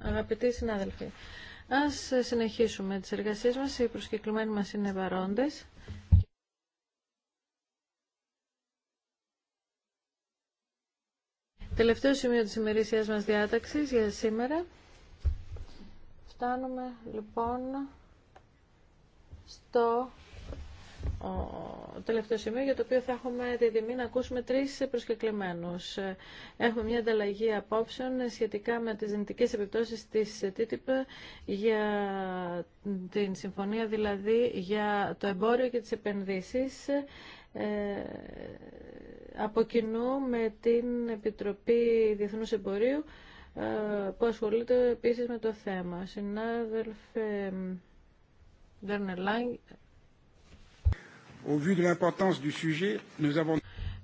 Αγαπητοί συνάδελφοι, ας συνεχίσουμε τις εργασίες μας. Οι προσκεκλημένοι μας είναι παρόντες. Τελευταίο σημείο της ημερήσιας μας διάταξης για σήμερα. Φτάνουμε λοιπόν στο το τελευταίο σημείο για το οποίο θα έχουμε τη τιμή να ακούσουμε τρεις προσκεκλημένους. Έχουμε μια ανταλλαγή απόψεων σχετικά με τις δυνητικές επιπτώσεις της TTIP για την συμφωνία δηλαδή για το εμπόριο και τις επενδύσεις ε, από κοινού με την Επιτροπή Διεθνούς Εμπορίου ε, που ασχολείται επίσης με το θέμα. Συνάδελφε ε, Λάγκ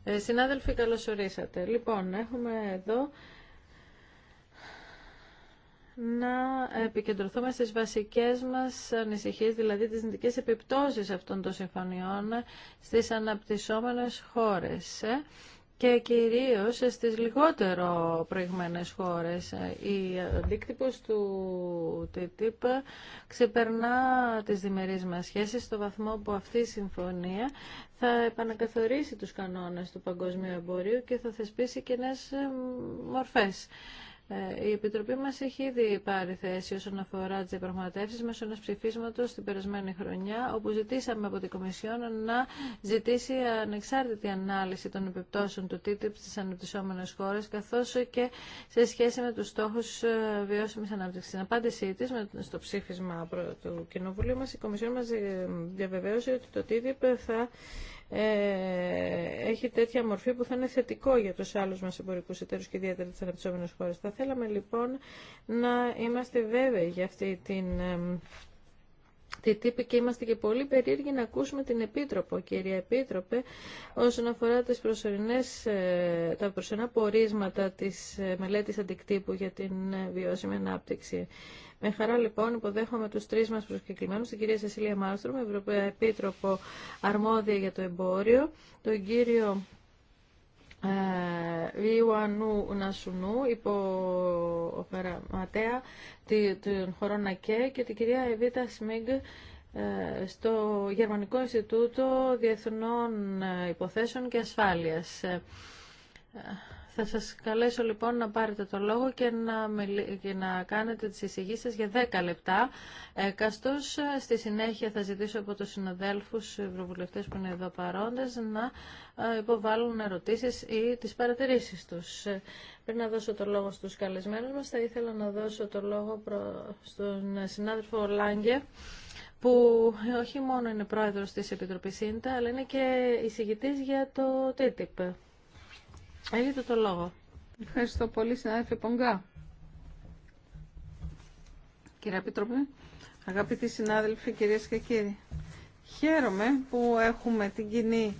ε, συνάδελφοι, καλώς ορίσατε. Λοιπόν, έχουμε εδώ να επικεντρωθούμε στις βασικές μας ανησυχίες, δηλαδή τις νητικές επιπτώσεις αυτών των συμφωνιών στις αναπτυσσόμενες χώρες και κυρίως στις λιγότερο προηγμένες χώρες. Η αντίκτυπο του TTIP ξεπερνά τις διμερείς μας σχέσεις στο βαθμό που αυτή η συμφωνία θα επανακαθορίσει τους κανόνες του παγκοσμίου εμπορίου και θα θεσπίσει και νέες μορφές. Ε, η Επιτροπή μα έχει ήδη πάρει θέση όσον αφορά τι διαπραγματεύσει μέσω ενός ψηφίσματος την περασμένη χρονιά, όπου ζητήσαμε από την Κομισιόν να ζητήσει ανεξάρτητη ανάλυση των επιπτώσεων του TTIP στι αναπτυσσόμενε χώρες, καθώ και σε σχέση με του στόχου ε, βιώσιμη ανάπτυξη. Στην απάντησή τη στο ψήφισμα του Κοινοβουλίου μα, η Κομισιόν μα ε, διαβεβαίωσε ότι το TTIP θα ε, έχει τέτοια μορφή που θα είναι θετικό για τους άλλους μας εμπορικούς εταίρους και ιδιαίτερα τις αναπτυσσόμενες χώρες. Θα θέλαμε λοιπόν να είμαστε βέβαιοι για αυτή την τη τύπη και είμαστε και πολύ περίεργοι να ακούσουμε την Επίτροπο, κυρία Επίτροπε, όσον αφορά τις προσωρινές, ε, τα προσωρινά πορίσματα της ε, μελέτης αντικτύπου για την βιώσιμη ανάπτυξη. Με χαρά λοιπόν υποδέχομαι τους τρεις μας προσκεκλημένους, την κυρία Σεσίλια Μάρστρομ, Ευρωπαϊκή Επίτροπο Αρμόδια για το Εμπόριο, τον κύριο ε, Ιωαννού Νασουνού, υπό των χωρών ΑΚΕ και την κυρία Εβίτα Σμίγκ ε, στο Γερμανικό Ινστιτούτο Διεθνών Υποθέσεων και Ασφάλειας. Ε, θα σας καλέσω λοιπόν να πάρετε το λόγο και να, μιλ... και να κάνετε τις εισηγήσεις σα για 10 λεπτά. Ε, ε, στη συνέχεια θα ζητήσω από τους συναδέλφους ευρωβουλευτές που είναι εδώ παρόντες να ε, υποβάλουν ερωτήσεις ή τις παρατηρήσεις τους. Ε, πριν να δώσω το λόγο στους καλεσμένους μα θα ήθελα να δώσω το λόγο προ... στον συνάδελφο Λάγκε που όχι μόνο είναι πρόεδρος της Επιτροπής ΣΥΝΤΑ, αλλά είναι και εισηγητής για το TTIP. Έχετε το λόγο. Ευχαριστώ πολύ, συνάδελφε Πονγκά. Κύριε Επίτροπε, αγαπητοί συνάδελφοι, κυρίες και κύριοι, χαίρομαι που έχουμε την κοινή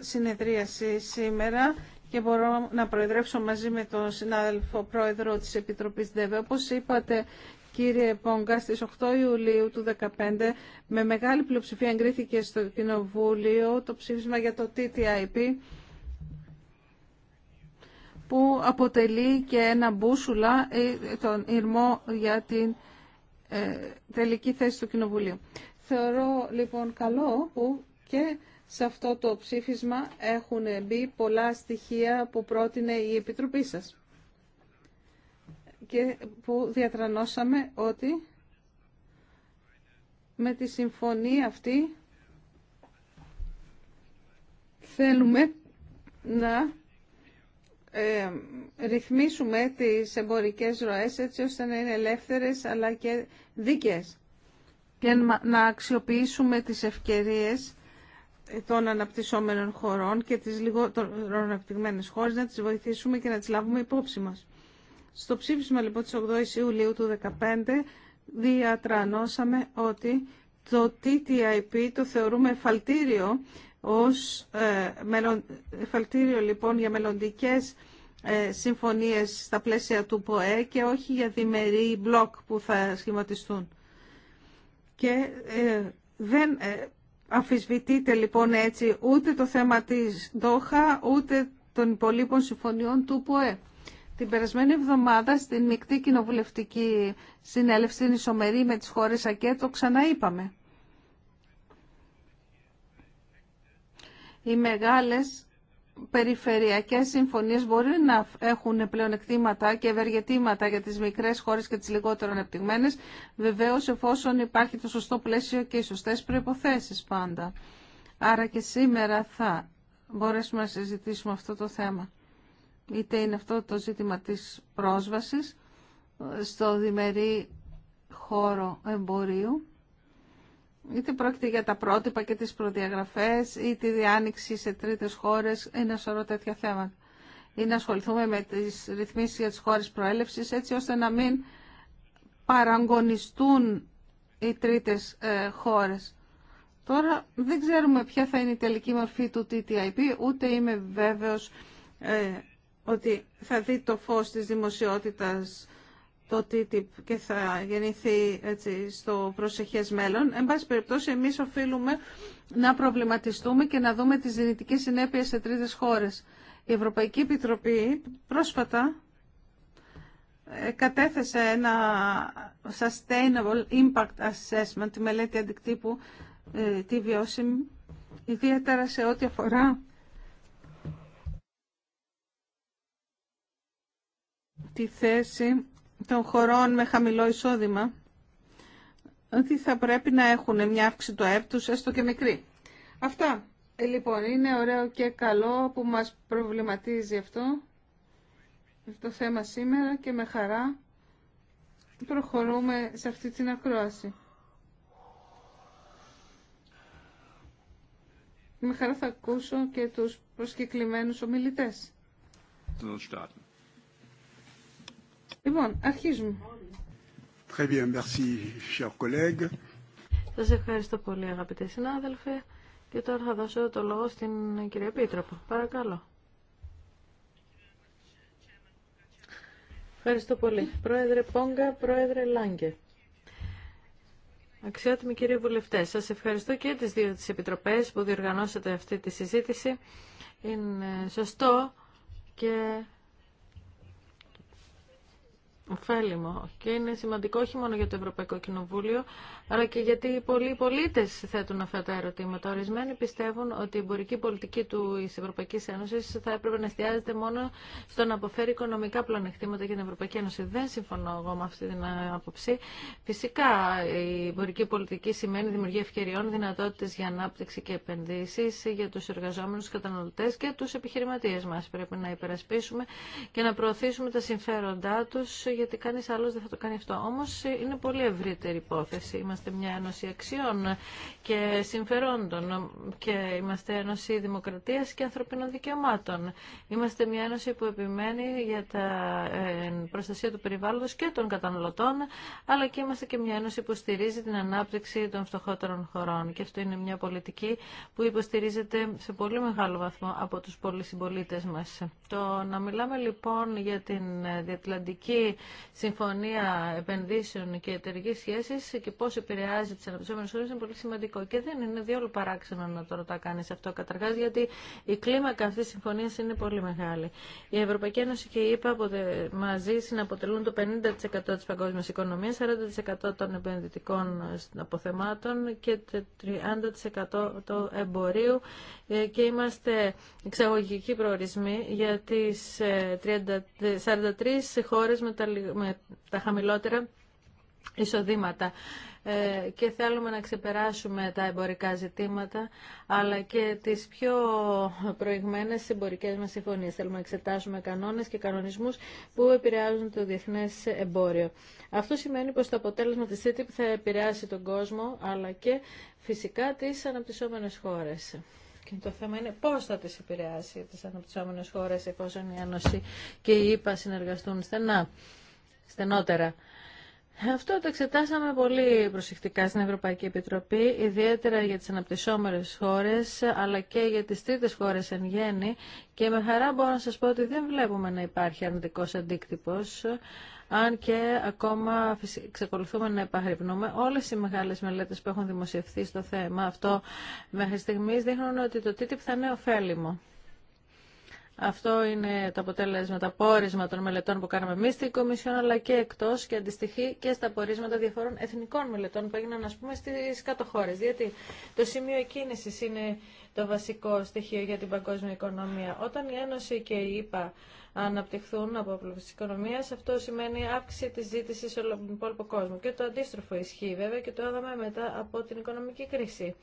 συνεδρίαση σήμερα και μπορώ να προεδρεύσω μαζί με τον συνάδελφο πρόεδρο της Επιτροπής ΔΕΒΕ. Όπως είπατε, κύριε Πόγκα, στις 8 Ιουλίου του 2015 με μεγάλη πλειοψηφία εγκρίθηκε στο Κοινοβούλιο το ψήφισμα για το TTIP που αποτελεί και ένα μπούσουλα ε, τον ήρμο για την ε, τελική θέση του Κοινοβουλίου. Θεωρώ λοιπόν καλό που και σε αυτό το ψήφισμα έχουν μπει πολλά στοιχεία που πρότεινε η Επιτροπή σας και που διατρανώσαμε ότι με τη συμφωνία αυτή θέλουμε να ε, ρυθμίσουμε τις εμπορικές ροές έτσι ώστε να είναι ελεύθερες αλλά και δίκαιες και να αξιοποιήσουμε τις ευκαιρίες των αναπτυσσόμενων χωρών και τις λιγότερο αναπτυγμένες χώρες να τις βοηθήσουμε και να τις λάβουμε υπόψη μας. Στο ψήφισμα λοιπόν της 8ης Ιουλίου του 2015 διατρανώσαμε ότι το TTIP το θεωρούμε εφαλτήριο ως ε, λοιπόν για μελλοντικές ε, συμφωνίες στα πλαίσια του ΠΟΕ και όχι για διμερή μπλοκ που θα σχηματιστούν. Και ε, δεν ε, αμφισβητείται λοιπόν έτσι ούτε το θέμα της ΔΟΧΑ ούτε των υπολείπων συμφωνιών του ΠΟΕ. Την περασμένη εβδομάδα στην μεικτή κοινοβουλευτική συνέλευση στην Ισομερή με τις χώρες ΑΚΕ το ξαναείπαμε. Οι μεγάλες περιφερειακές συμφωνίες μπορεί να έχουν πλεονεκτήματα και ευεργετήματα για τις μικρές χώρες και τις λιγότερο ανεπτυγμένες, βεβαίως εφόσον υπάρχει το σωστό πλαίσιο και οι σωστές προϋποθέσεις πάντα. Άρα και σήμερα θα μπορέσουμε να συζητήσουμε αυτό το θέμα. Είτε είναι αυτό το ζήτημα της πρόσβασης στο διμερή χώρο εμπορίου, είτε πρόκειται για τα πρότυπα και τις προδιαγραφές ή τη διάνοιξη σε τρίτες χώρες, ένα σωρό τέτοια θέματα. Ή να ασχοληθούμε με τις ρυθμίσεις για τις χώρες προέλευσης έτσι ώστε να μην παραγωνιστούν οι τρίτες ε, χώρες. Τώρα δεν ξέρουμε ποια θα είναι η τελική μορφή του TTIP, ούτε είμαι βέβαιος ε, ότι θα δει το φως της δημοσιότητας το TTIP και θα γεννηθεί έτσι, στο προσεχές μέλλον. Εν πάση περιπτώσει, εμείς οφείλουμε να προβληματιστούμε και να δούμε τις δυνητικές συνέπειες σε τρίτες χώρες. Η Ευρωπαϊκή Επιτροπή πρόσφατα ε, κατέθεσε ένα Sustainable Impact Assessment, τη μελέτη αντικτύπου, ε, τη βιώσιμη, ιδιαίτερα σε ό,τι αφορά τη θέση των χωρών με χαμηλό εισόδημα ότι θα πρέπει να έχουν μια αύξηση του ΑΕΠ τους, έστω και μικρή. Αυτά. Ε, λοιπόν, είναι ωραίο και καλό που μας προβληματίζει αυτό, το θέμα σήμερα και με χαρά προχωρούμε σε αυτή την ακρόαση. Με χαρά θα ακούσω και τους προσκεκλημένους ομιλητές. Λοιπόν, αρχίζουμε. Très bien, merci, ευχαριστώ πολύ αγαπητέ συνάδελφοι και τώρα θα δώσω το λόγο στην κυρία Πίτροπο. Παρακαλώ. Ευχαριστώ πολύ. Πρόεδρε Πόγκα, Πρόεδρε Λάγκε. Αξιότιμοι κύριοι βουλευτέ, σας ευχαριστώ και τις δύο τις επιτροπές που διοργανώσατε αυτή τη συζήτηση. Είναι σωστό και ωφέλιμο και είναι σημαντικό όχι μόνο για το Ευρωπαϊκό Κοινοβούλιο, αλλά και γιατί πολλοί πολίτε θέτουν αυτά τα ερωτήματα. Ορισμένοι πιστεύουν ότι η εμπορική πολιτική τη Ευρωπαϊκή Ένωση θα έπρεπε να εστιάζεται μόνο στο να αποφέρει οικονομικά πλανεκτήματα για την Ευρωπαϊκή Ένωση. Δεν συμφωνώ εγώ με αυτή την άποψη. Φυσικά, η εμπορική πολιτική σημαίνει δημιουργία ευκαιριών, δυνατότητε για ανάπτυξη και επενδύσει για του εργαζόμενου, του καταναλωτέ και του επιχειρηματίε μα. Πρέπει να υπερασπίσουμε και να προωθήσουμε τα συμφέροντά του γιατί κανεί άλλο δεν θα το κάνει αυτό. Όμω είναι πολύ ευρύτερη υπόθεση. Είμαστε μια ένωση αξιών και συμφερόντων και είμαστε ένωση Δημοκρατία και ανθρωπίνων δικαιωμάτων. Είμαστε μια ένωση που επιμένει για την ε, προστασία του περιβάλλοντος και των καταναλωτών, αλλά και είμαστε και μια ένωση που στηρίζει την ανάπτυξη των φτωχότερων χωρών. Και αυτό είναι μια πολιτική που υποστηρίζεται σε πολύ μεγάλο βαθμό από τους πολυσυμπολίτες μα. Το να μιλάμε λοιπόν για την ε, διατλαντική συμφωνία επενδύσεων και εταιρική σχέση και πώ επηρεάζει τι αναπτυσσόμενε χώρε είναι πολύ σημαντικό. Και δεν είναι διόλου παράξενο να το ρωτά κανεί αυτό. Καταρχά, γιατί η κλίμακα αυτή τη συμφωνία είναι πολύ μεγάλη. Η Ευρωπαϊκή Ένωση και η ΕΠΑ μαζί συναποτελούν το 50% τη παγκόσμια οικονομία, 40% των επενδυτικών αποθεμάτων και 30% του εμπορίου ε, και είμαστε εξαγωγικοί προορισμοί για τι 43 χώρε με με τα χαμηλότερα εισοδήματα ε, και θέλουμε να ξεπεράσουμε τα εμπορικά ζητήματα αλλά και τις πιο προηγμένες εμπορικές μας συμφωνίες. Θέλουμε να εξετάσουμε κανόνες και κανονισμούς που επηρεάζουν το διεθνές εμπόριο. Αυτό σημαίνει πως το αποτέλεσμα της ΣΥΤΙΠ θα επηρεάσει τον κόσμο αλλά και φυσικά τις αναπτυσσόμενες χώρες. Και το θέμα είναι πώς θα τις επηρεάσει τις αναπτυσσόμενες χώρες εφόσον η Ένωση και η συνεργαστούν στενά στενότερα. Αυτό το εξετάσαμε πολύ προσεκτικά στην Ευρωπαϊκή Επιτροπή, ιδιαίτερα για τις αναπτυσσόμενες χώρες, αλλά και για τις τρίτες χώρες εν γέννη. Και με χαρά μπορώ να σας πω ότι δεν βλέπουμε να υπάρχει αρνητικό αντίκτυπος, αν και ακόμα ξεκολουθούμε να επαγρυπνούμε. Όλες οι μεγάλες μελέτες που έχουν δημοσιευθεί στο θέμα αυτό μέχρι στιγμής δείχνουν ότι το TTIP θα είναι ωφέλιμο. Αυτό είναι το αποτέλεσμα, το πόρισμα των μελετών που κάναμε εμεί στην Κομισιόν, αλλά και εκτό και αντιστοιχεί και στα πορίσματα διαφορών εθνικών μελετών που έγιναν, α πούμε, στι κάτω χώρε. Γιατί το σημείο εκκίνηση είναι το βασικό στοιχείο για την παγκόσμια οικονομία. Όταν η Ένωση και η ΕΠΑ αναπτυχθούν από πλευρά τη οικονομία, αυτό σημαίνει αύξηση τη ζήτηση σε όλο τον υπόλοιπο κόσμο. Και το αντίστροφο ισχύει βέβαια και το έδαμε μετά από την οικονομική κρίση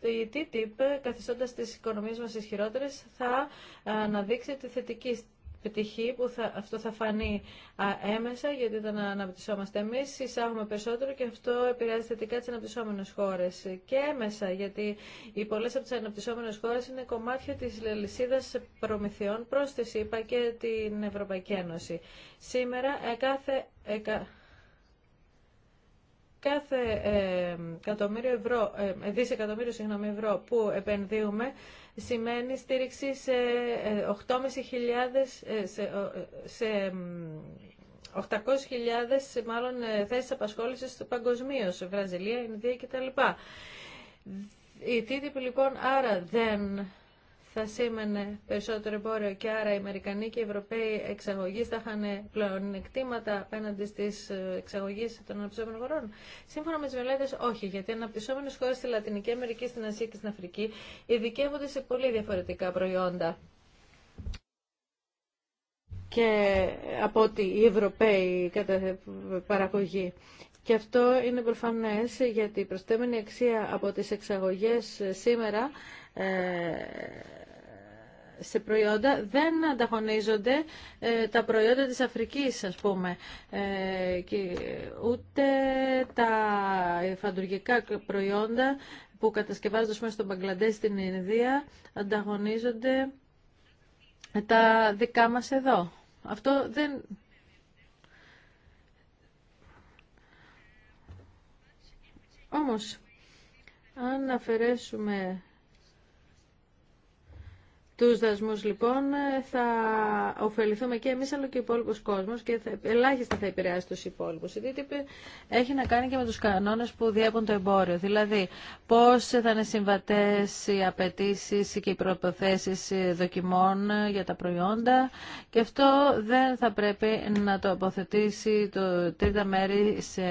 η TTIP, καθιστώντα τι οικονομίε μα ισχυρότερε, θα ε, αναδείξει τη θετική πτυχή που θα, αυτό θα φανεί έμεσα γιατί όταν αναπτυσσόμαστε εμείς εισάγουμε περισσότερο και αυτό επηρεάζει θετικά τις αναπτυσσόμενες χώρες και έμεσα γιατί οι πολλές από τις αναπτυσσόμενες χώρες είναι κομμάτια της λυσίδα προμηθειών προς τη ΣΥΠΑ και την Ευρωπαϊκή Ένωση. Σήμερα ε, κάθε... Ε, κάθε ε, εκατομμύριο ευρώ, ε, δισεκατομμύριο συγγνώμη, ευρώ που επενδύουμε σημαίνει στήριξη σε 8.500 ε, ε, σε, σε 800.000 μάλλον θέσεις απασχόλησης παγκοσμίω, Βραζιλία, Ινδία κτλ. Η TTIP λοιπόν άρα δεν θα σήμαινε περισσότερο εμπόριο και άρα οι Αμερικανοί και οι Ευρωπαίοι εξαγωγείς θα είχαν πλεονεκτήματα απέναντι στι ε, εξαγωγέ των αναπτυσσόμενων χωρών. Σύμφωνα με τι μελέτε, όχι, γιατί οι αναπτυσσόμενε χώρε στη Λατινική Αμερική, στην Ασία και στην Αφρική ειδικεύονται σε πολύ διαφορετικά προϊόντα και από ότι οι Ευρωπαίοι κατά παραγωγή. Και αυτό είναι προφανέ γιατί η προστέμενη αξία από τις εξαγωγές σήμερα ε, σε προϊόντα δεν ανταγωνίζονται ε, τα προϊόντα της Αφρικής, ας πούμε, ε, και ούτε τα φαντουργικά προϊόντα που κατασκευάζονται πούμε, στο Μπαγκλαντές στην Ινδία ανταγωνίζονται τα δικά μας εδώ. Αυτό δεν... Όμως, αν αφαιρέσουμε τους δασμούς λοιπόν θα ωφεληθούμε και εμείς αλλά και ο υπόλοιπος κόσμος και θα, ελάχιστα θα επηρεάσει τους υπόλοιπους. Η DTP έχει να κάνει και με τους κανόνες που διέπουν το εμπόριο. Δηλαδή πώς θα είναι συμβατές οι απαιτήσει και οι προποθέσει δοκιμών για τα προϊόντα και αυτό δεν θα πρέπει να το αποθετήσει το τρίτα μέρη σε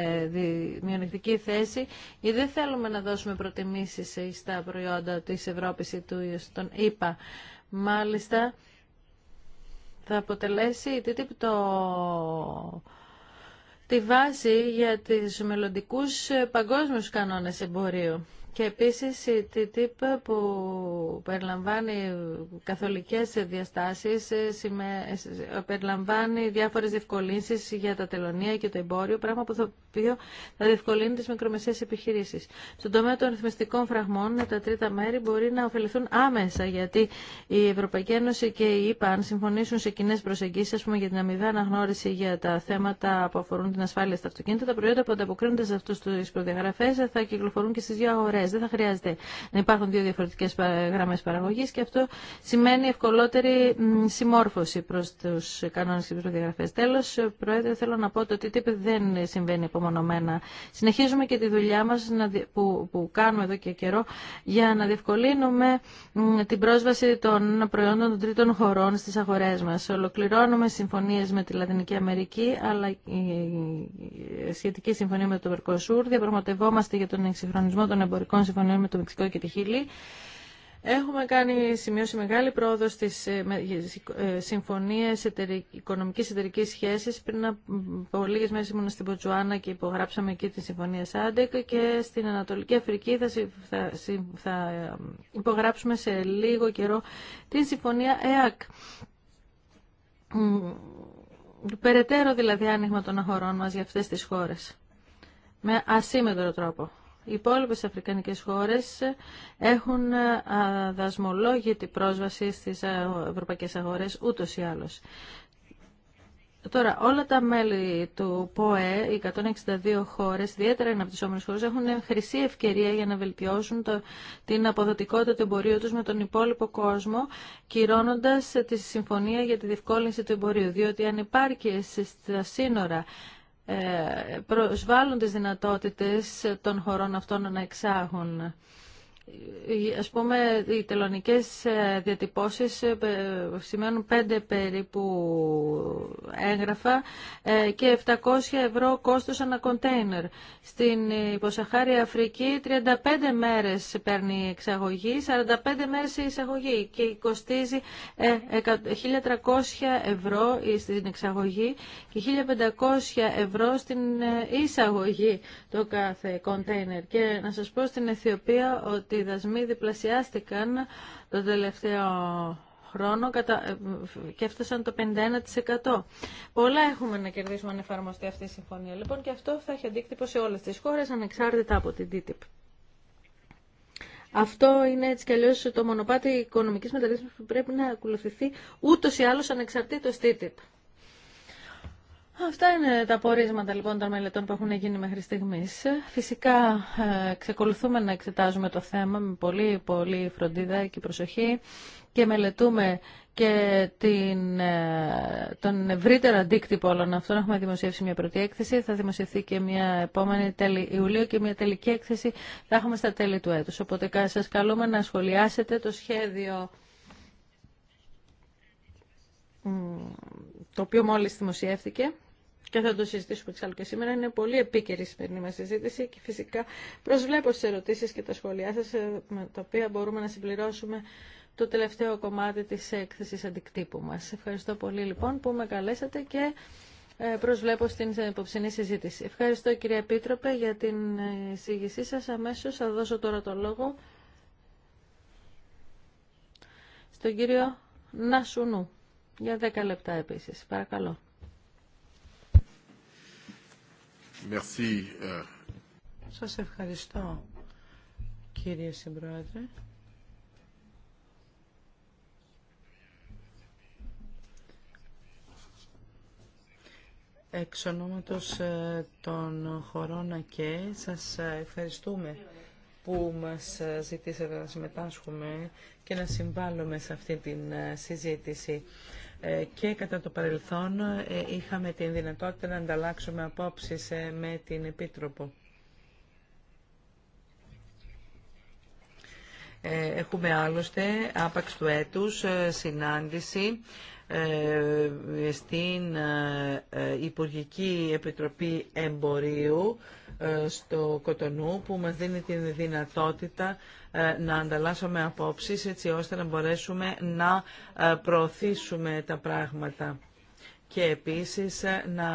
μειονεκτική θέση γιατί δεν θέλουμε να δώσουμε προτιμήσεις στα προϊόντα της Ευρώπης ή του, των ΗΠΑ. Μάλιστα, θα αποτελέσει Τι τη βάση για τις μελλοντικούς παγκόσμιους κανόνες εμπορίου. Και επίσης η TTIP που περιλαμβάνει καθολικές διαστάσεις, ε, ε, περιλαμβάνει διάφορες διευκολύνσεις για τα τελωνία και το εμπόριο, πράγμα που θα, διευκολύνει τις μικρομεσαίες επιχειρήσεις. Στον τομέα των ρυθμιστικών φραγμών, ε, τα τρίτα μέρη μπορεί να ωφεληθούν άμεσα, γιατί η Ευρωπαϊκή Ένωση και η ΕΠΑ, ΕΕ, αν συμφωνήσουν σε κοινέ προσεγγίσεις, ας πούμε, για την αμοιβή αναγνώριση για τα θέματα που αφορούν την ασφάλεια στα αυτοκίνητα, τα προϊόντα που ανταποκρίνονται σε αυτού τι προδιαγραφέ θα κυκλοφορούν και στι δύο αγορέ. Δεν θα χρειάζεται να υπάρχουν δύο διαφορετικέ γραμμέ παραγωγή και αυτό σημαίνει ευκολότερη συμμόρφωση προ του κανόνε και τι προδιαγραφέ. Τέλο, Πρόεδρε, θέλω να πω ότι το δεν συμβαίνει απομονωμένα. Συνεχίζουμε και τη δουλειά μα που, κάνουμε εδώ και καιρό για να διευκολύνουμε την πρόσβαση των προϊόντων των τρίτων χωρών στι αγορέ μα. Ολοκληρώνουμε συμφωνίε με τη Λατινική Αμερική, αλλά η σχετική συμφωνία με το Μερκοσούρ. Διαπραγματευόμαστε για τον εξυγχρονισμό των εμπορικών εμπορικών συμφωνιών με το Μεξικό και τη Χίλη. Έχουμε κάνει σημειώσει μεγάλη πρόοδο στι ε, ε, συμφωνίε οικονομική εταιρική σχέση. Πριν από λίγε μέρε ήμουν στην Ποτσουάνα και υπογράψαμε εκεί τη συμφωνία ΣΑΝΤΕΚ και στην Ανατολική Αφρική θα, θα, θα ε, υπογράψουμε σε λίγο καιρό την συμφωνία ΕΑΚ. Περαιτέρω δηλαδή άνοιγμα των αγορών μα για αυτέ τι χώρε. Με ασύμετρο τρόπο. Οι υπόλοιπε αφρικανικές χώρες έχουν δασμολόγητη πρόσβαση στις ευρωπαϊκές αγορές ούτω ή άλλω. Τώρα, όλα τα μέλη του ΠΟΕ, οι 162 χώρε, ιδιαίτερα οι αναπτυσσόμενε χώρε, έχουν χρυσή ευκαιρία για να βελτιώσουν την αποδοτικότητα του εμπορίου του με τον υπόλοιπο κόσμο, κυρώνοντα τη συμφωνία για τη διευκόλυνση του εμπορίου. Διότι αν υπάρχει στα σύνορα, ε, προσβάλλουν τις δυνατότητες των χωρών αυτών να εξάγουν ας πούμε, οι τελωνικές ε, διατυπώσεις ε, σημαίνουν πέντε περίπου έγγραφα ε, και 700 ευρώ κόστος ανά κοντέινερ. Στην υποσαχάρια Αφρική 35 μέρες παίρνει εξαγωγή, 45 μέρες η εισαγωγή και κοστίζει 1.300 ευρώ στην εξαγωγή και 1.500 ευρώ στην εισαγωγή το κάθε κοντέινερ. Και να σας πω στην Αιθιοπία ότι οι δασμοί διπλασιάστηκαν το τελευταίο χρόνο ε, και έφτασαν το 51%. Πολλά έχουμε να κερδίσουμε αν εφαρμοστεί αυτή η συμφωνία. Λοιπόν, και αυτό θα έχει αντίκτυπο σε όλες τις χώρες, ανεξάρτητα από την TTIP. Αυτό είναι έτσι κι αλλιώς το μονοπάτι οικονομικής μεταρρύθμισης που πρέπει να ακολουθηθεί ούτως ή άλλως ανεξαρτήτως TTIP. Αυτά είναι τα πορίσματα λοιπόν των μελετών που έχουν γίνει μέχρι στιγμή. Φυσικά ε, ξεκολουθούμε να εξετάζουμε το θέμα με πολύ πολύ φροντίδα και προσοχή και μελετούμε και την, ε, τον ευρύτερο αντίκτυπο όλων αυτών. Έχουμε δημοσιεύσει μια πρώτη έκθεση, θα δημοσιευθεί και μια επόμενη τέλη Ιουλίου και μια τελική έκθεση θα έχουμε στα τέλη του έτους. Οπότε σας καλούμε να σχολιάσετε το σχέδιο το οποίο μόλις δημοσιεύτηκε και θα το συζητήσουμε εξάλλου και σήμερα. Είναι πολύ επίκαιρη η σημερινή μα συζήτηση και φυσικά προσβλέπω στι ερωτήσει και τα σχόλιά σα, ε, με τα οποία μπορούμε να συμπληρώσουμε το τελευταίο κομμάτι τη έκθεση αντικτύπου μα. Ευχαριστώ πολύ λοιπόν που με καλέσατε και ε, προσβλέπω στην υποψηνή συζήτηση. Ευχαριστώ κυρία Επίτροπε για την εισήγησή σα αμέσω θα δώσω τώρα το λόγο στον κύριο Νασουνού για 10 λεπτά επίση. Παρακαλώ. Merci. Euh. Σας ευχαριστώ, κύριε Συμπρόεδρε. Εξ ονόματος ε, των χωρών ΑΚΕ, σας ε, ευχαριστούμε που μας ε, ζητήσατε να συμμετάσχουμε και να συμβάλλουμε σε αυτή την συζήτηση. Ε, και κατά το παρελθόν ε, είχαμε την δυνατότητα να ανταλλάξουμε απόψεις ε, με την Επίτροπο. Έχουμε άλλωστε άπαξ του έτους συνάντηση ε, στην ε, ε, Υπουργική Επιτροπή Εμπορίου στο Κοτονού που μας δίνει την δυνατότητα να ανταλλάσσουμε απόψεις έτσι ώστε να μπορέσουμε να προωθήσουμε τα πράγματα και επίσης να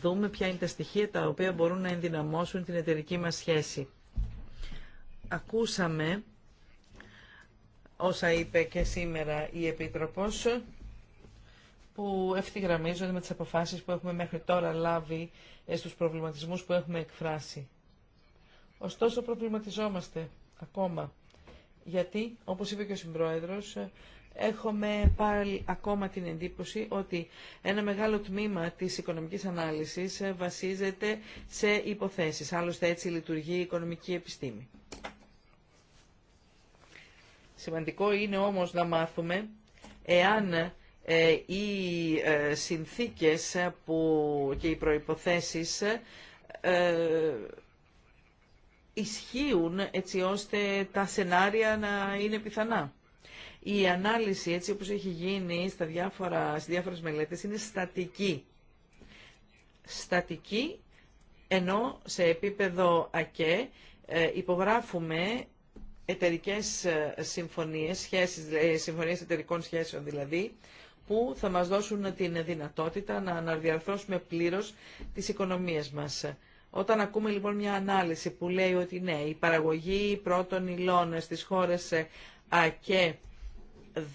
δούμε ποια είναι τα στοιχεία τα οποία μπορούν να ενδυναμώσουν την εταιρική μας σχέση. Ακούσαμε όσα είπε και σήμερα η Επίτροπος που ευθυγραμμίζονται με τις αποφάσεις που έχουμε μέχρι τώρα λάβει ε, στους προβληματισμούς που έχουμε εκφράσει. Ωστόσο προβληματιζόμαστε ακόμα, γιατί όπως είπε και ο Συμπρόεδρος, ε, έχουμε πάλι ακόμα την εντύπωση ότι ένα μεγάλο τμήμα της οικονομικής ανάλυσης ε, βασίζεται σε υποθέσεις. Άλλωστε έτσι λειτουργεί η οικονομική επιστήμη. Σημαντικό είναι όμως να μάθουμε εάν ε, οι ε, συνθήκες που, και οι προϋποθέσεις ε, ισχύουν έτσι ώστε τα σενάρια να είναι πιθανά. Η ανάλυση έτσι όπως έχει γίνει στα διάφορα, στις διάφορες μελέτες είναι στατική. Στατική ενώ σε επίπεδο ΑΚΕ υπογράφουμε εταιρικές συμφωνίες, σχέσεις, συμφωνίες εταιρικών σχέσεων δηλαδή, που θα μας δώσουν την δυνατότητα να αναδιαρθώσουμε πλήρως τις οικονομίες μας. Όταν ακούμε λοιπόν μια ανάλυση που λέει ότι ναι, η παραγωγή πρώτων υλών στις χώρες ΑΚΕ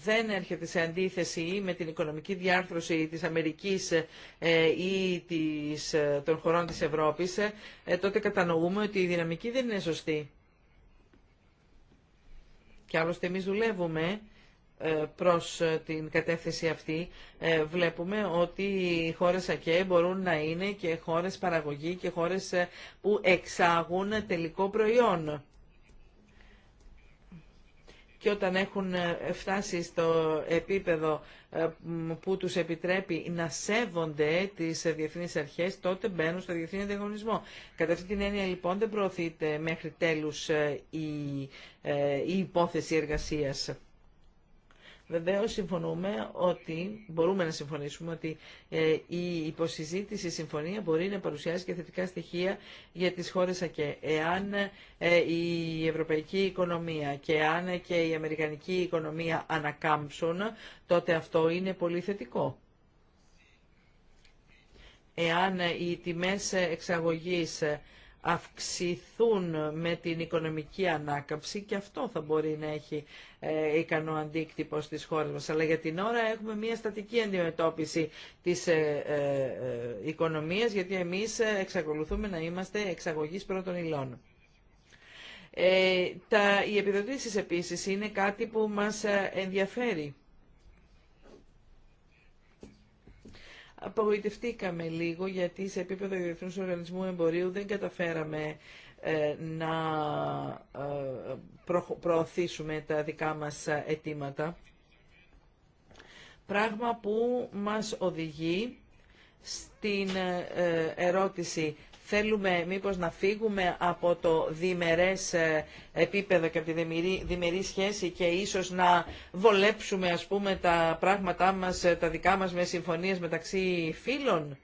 δεν έρχεται σε αντίθεση με την οικονομική διάρθρωση της Αμερικής ε, ή της, ε, των χωρών της Ευρώπης, ε, τότε κατανοούμε ότι η δυναμική δεν είναι σωστή. Και άλλωστε εμείς δουλεύουμε ε, προς ε, την κατεύθυνση αυτή ε, βλέπουμε ότι οι χώρες ΑΚΕ μπορούν να είναι και χώρες παραγωγή και χώρες που εξάγουν τελικό προϊόν. Και όταν έχουν φτάσει στο επίπεδο που τους επιτρέπει να σέβονται τις διεθνείς αρχές, τότε μπαίνουν στο διεθνή ανταγωνισμό. Κατά αυτή την έννοια λοιπόν δεν προωθείται μέχρι τέλους η, η υπόθεση εργασίας. Βεβαίω συμφωνούμε ότι, μπορούμε να συμφωνήσουμε ότι ε, η υποσυζήτηση συμφωνία μπορεί να παρουσιάσει και θετικά στοιχεία για τις χώρες ΑΚΕ. Εάν ε, η ευρωπαϊκή οικονομία και αν και η αμερικανική οικονομία ανακάμψουν, τότε αυτό είναι πολύ θετικό εάν οι τιμές εξαγωγής αυξηθούν με την οικονομική ανάκαμψη και αυτό θα μπορεί να έχει ε, ικανό αντίκτυπο στις χώρες μας. Αλλά για την ώρα έχουμε μια στατική αντιμετώπιση της ε, ε, οικονομίας γιατί εμείς εξακολουθούμε να είμαστε εξαγωγής πρώτων υλών. τα, οι επιδοτήσεις επίσης είναι κάτι που μας ενδιαφέρει. Απογοητευτήκαμε λίγο γιατί σε επίπεδο Διεθνούς Οργανισμού Εμπορίου δεν καταφέραμε ε, να ε, προωθήσουμε τα δικά μας αιτήματα. Πράγμα που μας οδηγεί στην ε, ερώτηση Θέλουμε μήπως να φύγουμε από το διμερές ε, επίπεδο και από τη διμερή, σχέση και ίσως να βολέψουμε ας πούμε τα πράγματά μας, ε, τα δικά μας με συμφωνίες μεταξύ φίλων.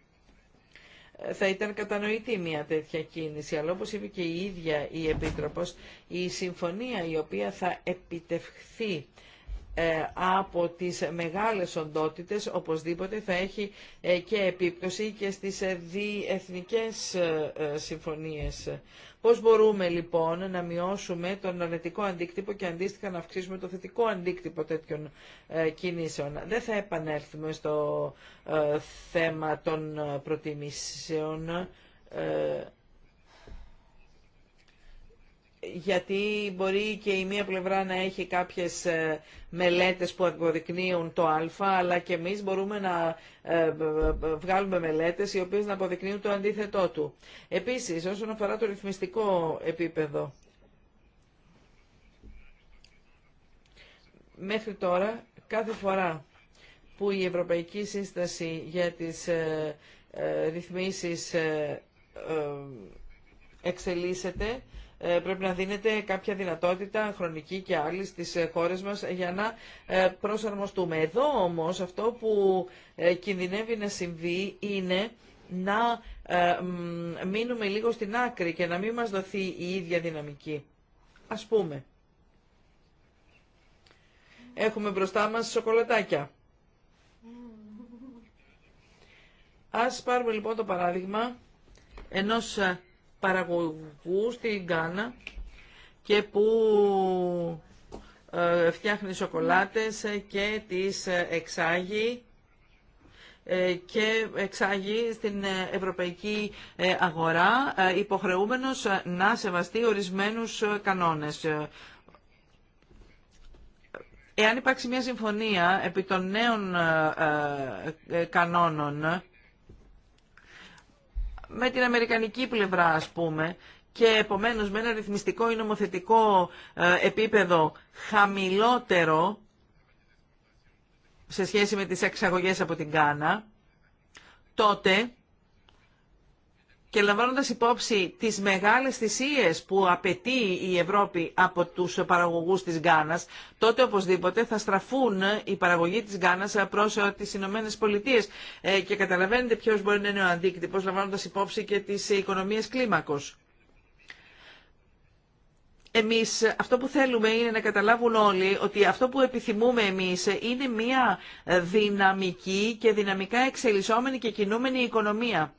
Ε, θα ήταν κατανοητή μια τέτοια κίνηση, αλλά όπως είπε και η ίδια η Επίτροπος, η συμφωνία η οποία θα επιτευχθεί ε, από τις μεγάλες οντότητες οπωσδήποτε θα έχει ε, και επίπτωση και στις ε, διεθνικές συμφωνίες. Πώς μπορούμε λοιπόν να μειώσουμε τον αρνητικό αντίκτυπο και αντίστοιχα να αυξήσουμε το θετικό αντίκτυπο τέτοιων κινήσεων. Δεν θα επανέλθουμε στο θέμα των προτιμήσεων γιατί μπορεί και η μία πλευρά να έχει κάποιες ε, μελέτες που αποδεικνύουν το α, αλλά και εμείς μπορούμε να ε, βγάλουμε μελέτες οι οποίες να αποδεικνύουν το αντίθετό του. Επίσης, όσον αφορά το ρυθμιστικό επίπεδο, μέχρι τώρα κάθε φορά που η Ευρωπαϊκή Σύσταση για τις ε, ρυθμίσεις εξελίσσεται, ε, πρέπει να δίνεται κάποια δυνατότητα χρονική και άλλη στις ε, χώρες μας για να ε, προσαρμοστούμε. Εδώ όμως αυτό που κινδυνεύει να συμβεί είναι να μείνουμε λίγο στην άκρη και να μην μας δοθεί η ίδια δυναμική. Ας πούμε, έχουμε μπροστά μας σοκολατάκια. Ας πάρουμε λοιπόν το παράδειγμα ενός παραγωγού στην Γκάνα και που ε, φτιάχνει σοκολάτες και τις εξάγει ε, και εξάγει στην ευρωπαϊκή ε, αγορά υποχρεούμενος να σεβαστεί ορισμένους κανόνες. Εάν υπάρξει μια συμφωνία επί των νέων κανόνων με την αμερικανική πλευρά ας πούμε και επομένως με ένα ρυθμιστικό ή νομοθετικό ε, επίπεδο χαμηλότερο σε σχέση με τις εξαγωγές από την Κάνα, τότε και λαμβάνοντα υπόψη τι μεγάλε θυσίε που απαιτεί η Ευρώπη από του παραγωγού τη Γκάνα, τότε οπωσδήποτε θα στραφούν οι παραγωγοί της Γκάνα προ ε, τι Ηνωμένε Πολιτείε. Ε, και καταλαβαίνετε ποιο μπορεί να είναι ο αντίκτυπο, λαμβάνοντα υπόψη και τις οικονομίες κλίμακο. Εμείς αυτό που θέλουμε είναι να καταλάβουν όλοι ότι αυτό που επιθυμούμε εμείς είναι μια δυναμική και δυναμικά εξελισσόμενη και κινούμενη οικονομία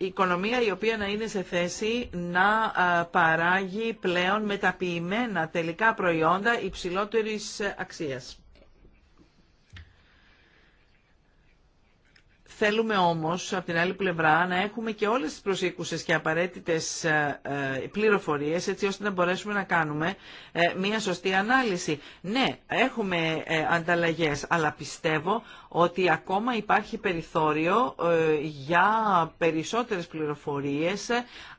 οικονομία η οποία να είναι σε θέση να παράγει πλέον μεταποιημένα τελικά προϊόντα υψηλότερης ε, αξίας. Θέλουμε όμως από την άλλη πλευρά να έχουμε και όλες τις προσήκουσες και απαραίτητες ε, ε, πληροφορίες έτσι ώστε να μπορέσουμε να κάνουμε ε, μια σωστή ανάλυση. Ναι, έχουμε ανταλλαγές, αλλά πιστεύω ότι ακόμα υπάρχει περιθώριο για περισσότερες πληροφορίες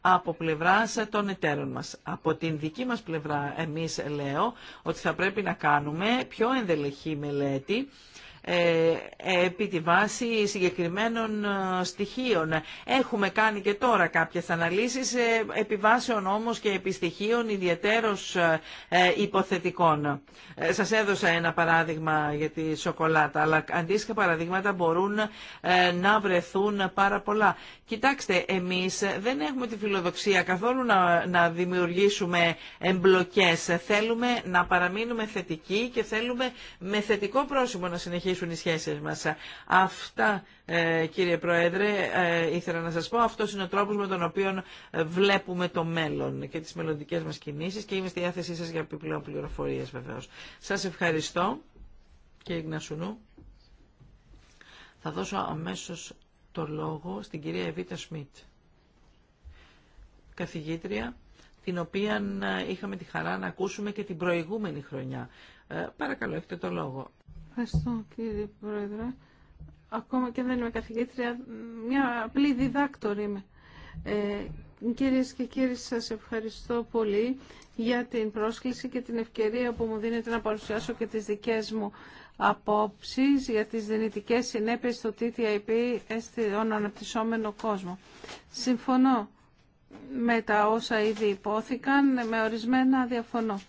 από πλευράς των εταίρων μας. Από την δική μας πλευρά εμείς λέω ότι θα πρέπει να κάνουμε πιο ενδελεχή μελέτη ε, επί τη βάση συγκεκριμένων ε, στοιχείων. Έχουμε κάνει και τώρα κάποιες αναλύσεις ε, επιβάσεων βάσεων όμως και επί στοιχείων ιδιαίτερως υποθετικών. Σας έδωσα ένα παράδειγμα για τη σοκολάτα, αλλά αντίστοιχα παραδείγματα μπορούν να βρεθούν πάρα πολλά. Κοιτάξτε, εμείς δεν έχουμε τη φιλοδοξία καθόλου να, να δημιουργήσουμε εμπλοκές. Θέλουμε να παραμείνουμε θετικοί και θέλουμε με θετικό πρόσημο να συνεχίσουν οι σχέσεις μας. Αυτά, ε, κύριε Πρόεδρε, ε, ήθελα να σας πω. Αυτό είναι ο τρόπος με τον οποίο βλέπουμε το μέλλον και τις μελλοντικέ μας κινήσεις και είμαι στη διάθεσή σας για επιπλέον πληροφορίες βεβαίως. Σας ευχαριστώ, κύριε Γνασουνού. Θα δώσω αμέσως το λόγο στην κυρία Εβίτα Σμιτ, καθηγήτρια, την οποία ε, είχαμε τη χαρά να ακούσουμε και την προηγούμενη χρονιά. Ε, παρακαλώ, έχετε το λόγο. Ευχαριστώ κύριε Πρόεδρε. Ακόμα και δεν είμαι καθηγήτρια, μια απλή διδάκτορη είμαι. Ε, κυρίες και κύριοι, σας ευχαριστώ πολύ για την πρόσκληση και την ευκαιρία που μου δίνετε να παρουσιάσω και τις δικές μου απόψεις για τις δυνητικές συνέπειες του TTIP στον αναπτυσσόμενο κόσμο. Συμφωνώ με τα όσα ήδη υπόθηκαν, με ορισμένα διαφωνώ.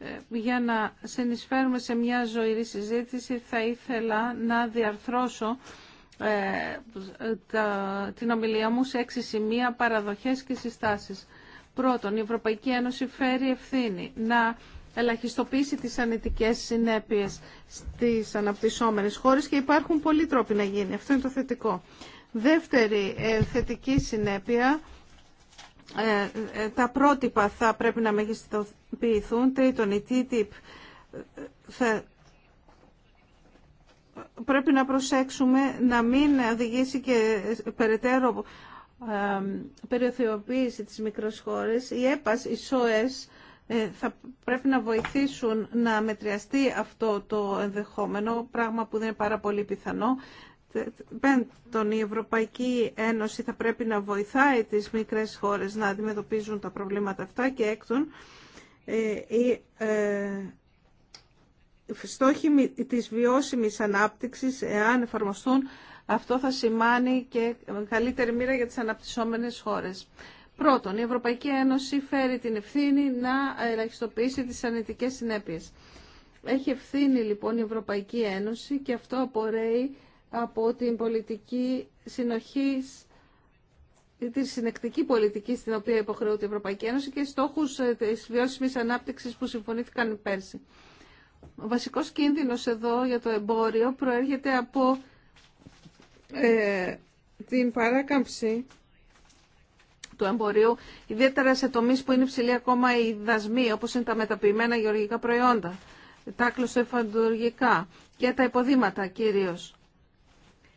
Ε, για να συνεισφέρουμε σε μια ζωηρή συζήτηση θα ήθελα να διαρθρώσω ε, την ομιλία μου σε έξι σημεία παραδοχές και συστάσεις. Πρώτον, η Ευρωπαϊκή Ένωση φέρει ευθύνη να ελαχιστοποιήσει τις ανετικές συνέπειες στις αναπτυσσόμενες χώρες και υπάρχουν πολλοί τρόποι να γίνει. Αυτό είναι το θετικό. Δεύτερη ε, θετική συνέπεια, ε, ε, τα πρότυπα θα πρέπει να μεγιστοποιηθούν. Τρίτον, η TTIP θα πρέπει να προσέξουμε να μην οδηγήσει και περαιτέρω περιοθεοποίηση της μικρός χώρες. Η ΕΠΑΣ, η ΣΟΕΣ, ε, θα πρέπει να βοηθήσουν να μετριαστεί αυτό το ενδεχόμενο, πράγμα που δεν είναι πάρα πολύ πιθανό. Πέμπτον, η Ευρωπαϊκή Ένωση θα πρέπει να βοηθάει τις μικρές χώρες να αντιμετωπίζουν τα προβλήματα αυτά και έκτον, ε, η ε, στόχοι της βιώσιμης ανάπτυξης, εάν εφαρμοστούν, αυτό θα σημάνει και καλύτερη μοίρα για τις αναπτυσσόμενες χώρες. Πρώτον, η Ευρωπαϊκή Ένωση φέρει την ευθύνη να ελαχιστοποιήσει τις ανετικές συνέπειες. Έχει ευθύνη λοιπόν η Ευρωπαϊκή Ένωση και αυτό απορρέει από την πολιτική συνοχή τη συνεκτική πολιτική στην οποία υποχρεούται η Ευρωπαϊκή Ένωση και στόχους ε, της βιώσιμης ανάπτυξης που συμφωνήθηκαν πέρσι. Ο βασικός κίνδυνος εδώ για το εμπόριο προέρχεται από ε, την παράκαμψη του εμπορίου, ιδιαίτερα σε τομεί που είναι υψηλή ακόμα οι δασμοί, όπως είναι τα μεταποιημένα γεωργικά προϊόντα, τα κλωσοεφαντουργικά και τα υποδήματα κυρίω.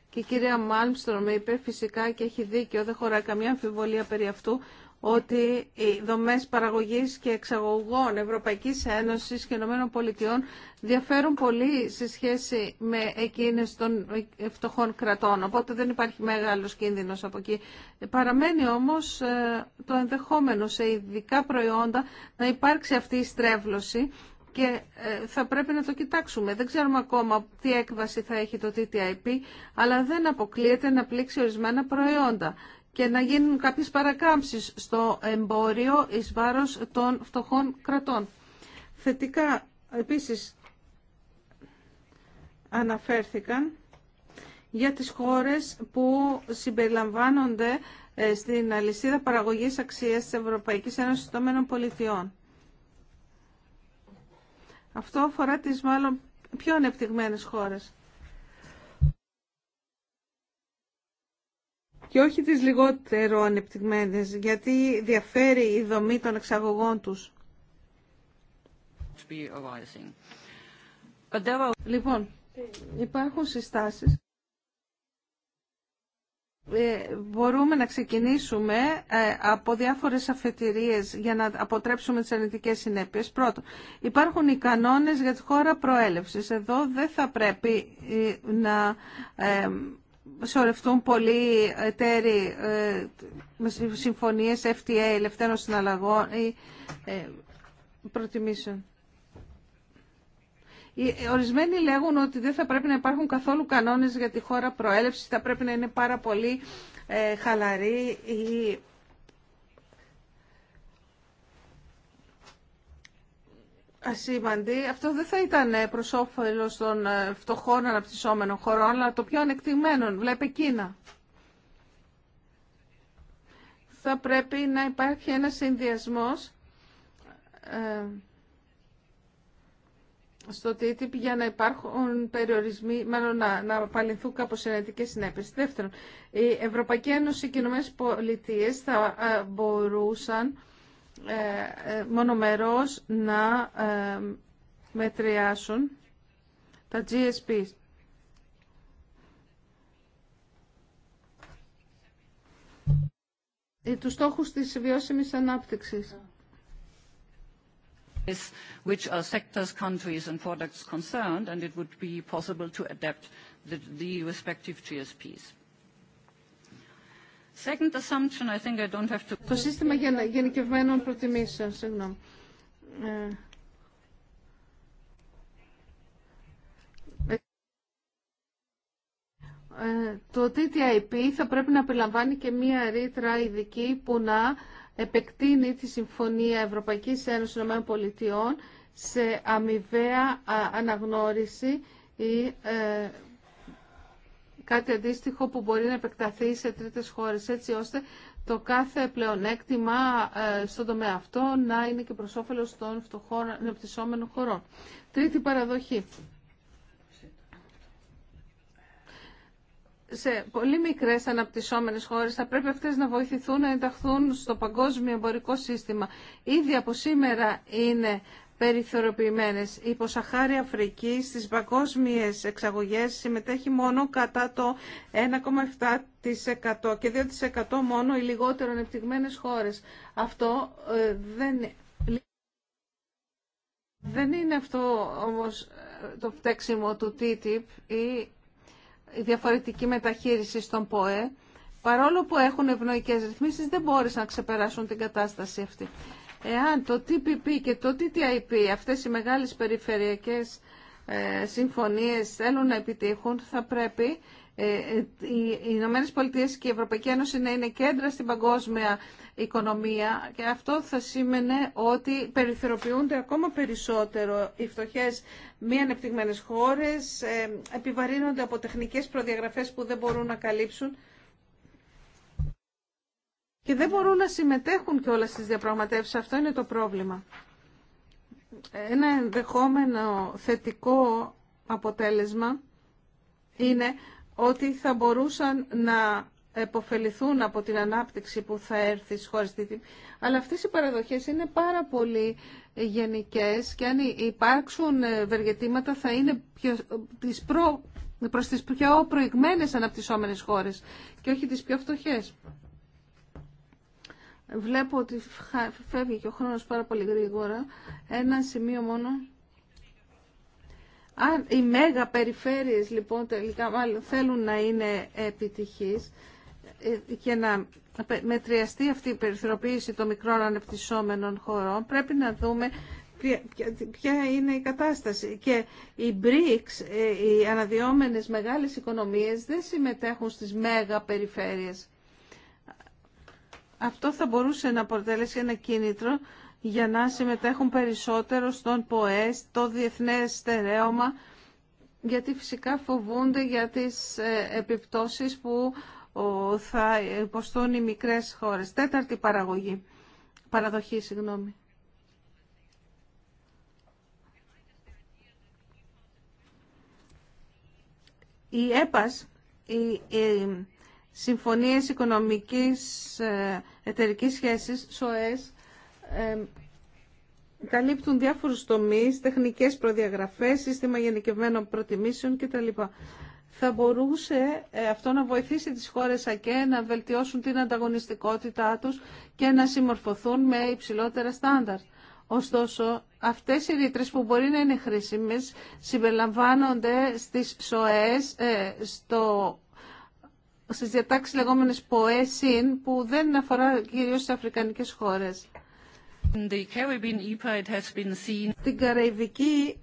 Και η κυρία Μάλμστρομ είπε φυσικά και έχει δίκιο, δεν χωράει καμία αμφιβολία περί αυτού, ότι οι δομές παραγωγής και εξαγωγών Ευρωπαϊκής Ένωσης και Ηνωμένων Πολιτειών διαφέρουν πολύ σε σχέση με εκείνες των φτωχών κρατών. Οπότε δεν υπάρχει μεγάλος κίνδυνος από εκεί. Παραμένει όμως ε, το ενδεχόμενο σε ειδικά προϊόντα να υπάρξει αυτή η στρέβλωση και ε, θα πρέπει να το κοιτάξουμε. Δεν ξέρουμε ακόμα τι έκβαση θα έχει το TTIP, αλλά δεν αποκλείεται να πλήξει ορισμένα προϊόντα και να γίνουν κάποιες παρακάμψεις στο εμπόριο εις βάρος των φτωχών κρατών. Θετικά επίσης αναφέρθηκαν για τις χώρες που συμπεριλαμβάνονται ε, στην αλυσίδα παραγωγής αξίας της Ευρωπαϊκής Ένωσης των Πολιτειών. Αυτό αφορά τις μάλλον πιο ανεπτυγμένες χώρες. και όχι τις λιγότερο ανεπτυγμένες, γιατί διαφέρει η δομή των εξαγωγών τους. Λοιπόν, υπάρχουν συστάσεις. Ε, μπορούμε να ξεκινήσουμε ε, από διάφορες αφετηρίες για να αποτρέψουμε τις αρνητικές συνέπειες. Πρώτον, υπάρχουν οι κανόνες για τη χώρα προέλευσης. Εδώ δεν θα πρέπει ε, να σορευτούν πολλοί εταίροι ε, με συμφωνίες FTA, ελευθέρων συναλλαγών ή ε, προτιμήσεων. ορισμένοι λέγουν ότι δεν θα πρέπει να υπάρχουν καθόλου κανόνες για τη χώρα προέλευσης, θα πρέπει να είναι πάρα πολύ ε, χαλαροί οι ασήμαντη, αυτό δεν θα ήταν ε, προ όφελο των ε, φτωχών αναπτυσσόμενων χωρών, αλλά το πιο ανεκτημένων, Βλέπε Κίνα. Θα πρέπει να υπάρχει ένας συνδυασμός ε, στο TTIP για να υπάρχουν περιορισμοί, μάλλον να, να παλινθούν κάπως ενετικέ συνέπειες. Δεύτερον, η Ευρωπαϊκή Ένωση και οι Πολιτείες θα μπορούσαν μονομερός να μετριάσουν τα GSP. του στόχους της βιώσιμης ανάπτυξης. Which are sectors, countries and products concerned, and it would be possible to adapt the respective GSPs. Second assumption, I think I don't have to... Το σύστημα γενικευμένων προτιμήσεων, συγγνώμη. Ε, ε, το TTIP θα πρέπει να περιλαμβάνει και μία ρήτρα ειδική που να επεκτείνει τη Συμφωνία Ευρωπαϊκής Ένωσης των Πολιτειών σε αμοιβαία αναγνώριση ή ε, κάτι αντίστοιχο που μπορεί να επεκταθεί σε τρίτες χώρες, έτσι ώστε το κάθε πλεονέκτημα ε, στον τομέα αυτό να είναι και προς όφελος των φτωχών αναπτυσσόμενων χωρών. Τρίτη παραδοχή. σε πολύ μικρές αναπτυσσόμενες χώρες θα πρέπει αυτές να βοηθηθούν να ενταχθούν στο παγκόσμιο εμπορικό σύστημα. Ήδη από σήμερα είναι περιθωριοποιημένες, Η υποσαχάρη Αφρική στις παγκόσμιες εξαγωγές συμμετέχει μόνο κατά το 1,7% και 2% μόνο οι λιγότερο ανεπτυγμένες χώρες. Αυτό ε, δεν... Δεν είναι αυτό όμως ε, το φταίξιμο του TTIP ή η διαφορετική μεταχείριση στον ΠΟΕ. Παρόλο που έχουν ευνοϊκές ρυθμίσεις δεν μπόρεσαν να ξεπεράσουν την κατάσταση αυτή. Εάν το TPP και το TTIP, αυτές οι μεγάλες περιφερειακές ε, συμφωνίες θέλουν να επιτύχουν, θα πρέπει ε, ε, οι Ηνωμένε Πολιτείε και η Ευρωπαϊκή Ένωση να είναι κέντρα στην παγκόσμια οικονομία και αυτό θα σήμαινε ότι περιθωριοποιούνται ακόμα περισσότερο οι φτωχέ μη ανεπτυγμένες χώρες, επιβαρύνονται από τεχνικές προδιαγραφές που δεν μπορούν να καλύψουν και δεν μπορούν να συμμετέχουν και όλα στις διαπραγματεύσεις. Αυτό είναι το πρόβλημα. Ένα ενδεχόμενο θετικό αποτέλεσμα είναι ότι θα μπορούσαν να εποφεληθούν από την ανάπτυξη που θα έρθει στις χώρες Αλλά αυτές οι παραδοχές είναι πάρα πολύ γενικές και αν υπάρξουν βεργετήματα θα είναι τις προ, προς τις πιο προηγμένες αναπτυσσόμενες χώρες και όχι τις πιο φτωχές. Βλέπω ότι φεύγει και ο χρόνος πάρα πολύ γρήγορα. Ένα σημείο μόνο. Αν οι μέγα περιφέρειες λοιπόν μάλλον θέλουν να είναι επιτυχείς ε, και να μετριαστεί αυτή η περιθωριοποίηση των μικρών ανεπτυσσόμενων χωρών, πρέπει να δούμε ποια είναι η κατάσταση. Και οι BRICS, ε, οι αναδυόμενες μεγάλες οικονομίες, δεν συμμετέχουν στις μέγα περιφέρειες. Αυτό θα μπορούσε να αποτελέσει ένα κίνητρο για να συμμετέχουν περισσότερο στον ΠΟΕΣ, το διεθνές στερέωμα, γιατί φυσικά φοβούνται για τις ε, επιπτώσεις που θα υποστούν οι μικρές χώρες. Τέταρτη παραγωγή, παραδοχή, συγγνώμη. Η ΕΠΑΣ, η συμφωνίες οικονομικής ε, εταιρική σχέσης, ΣΟΕΣ, ε, καλύπτουν διάφορους τομείς, τεχνικές προδιαγραφές, σύστημα γενικευμένων προτιμήσεων κτλ. Θα μπορούσε ε, αυτό να βοηθήσει τις χώρες ΑΚΕ να βελτιώσουν την ανταγωνιστικότητά τους και να συμμορφωθούν με υψηλότερα στάνταρ. Ωστόσο, αυτές οι ρήτρες που μπορεί να είναι χρήσιμες συμπεριλαμβάνονται στις ΣΟΕΣ, στο στις διατάξεις λεγόμενες ΠΟΕ που δεν αφορά κυρίως στις αφρικανικές χώρες. Στην Καραϊβική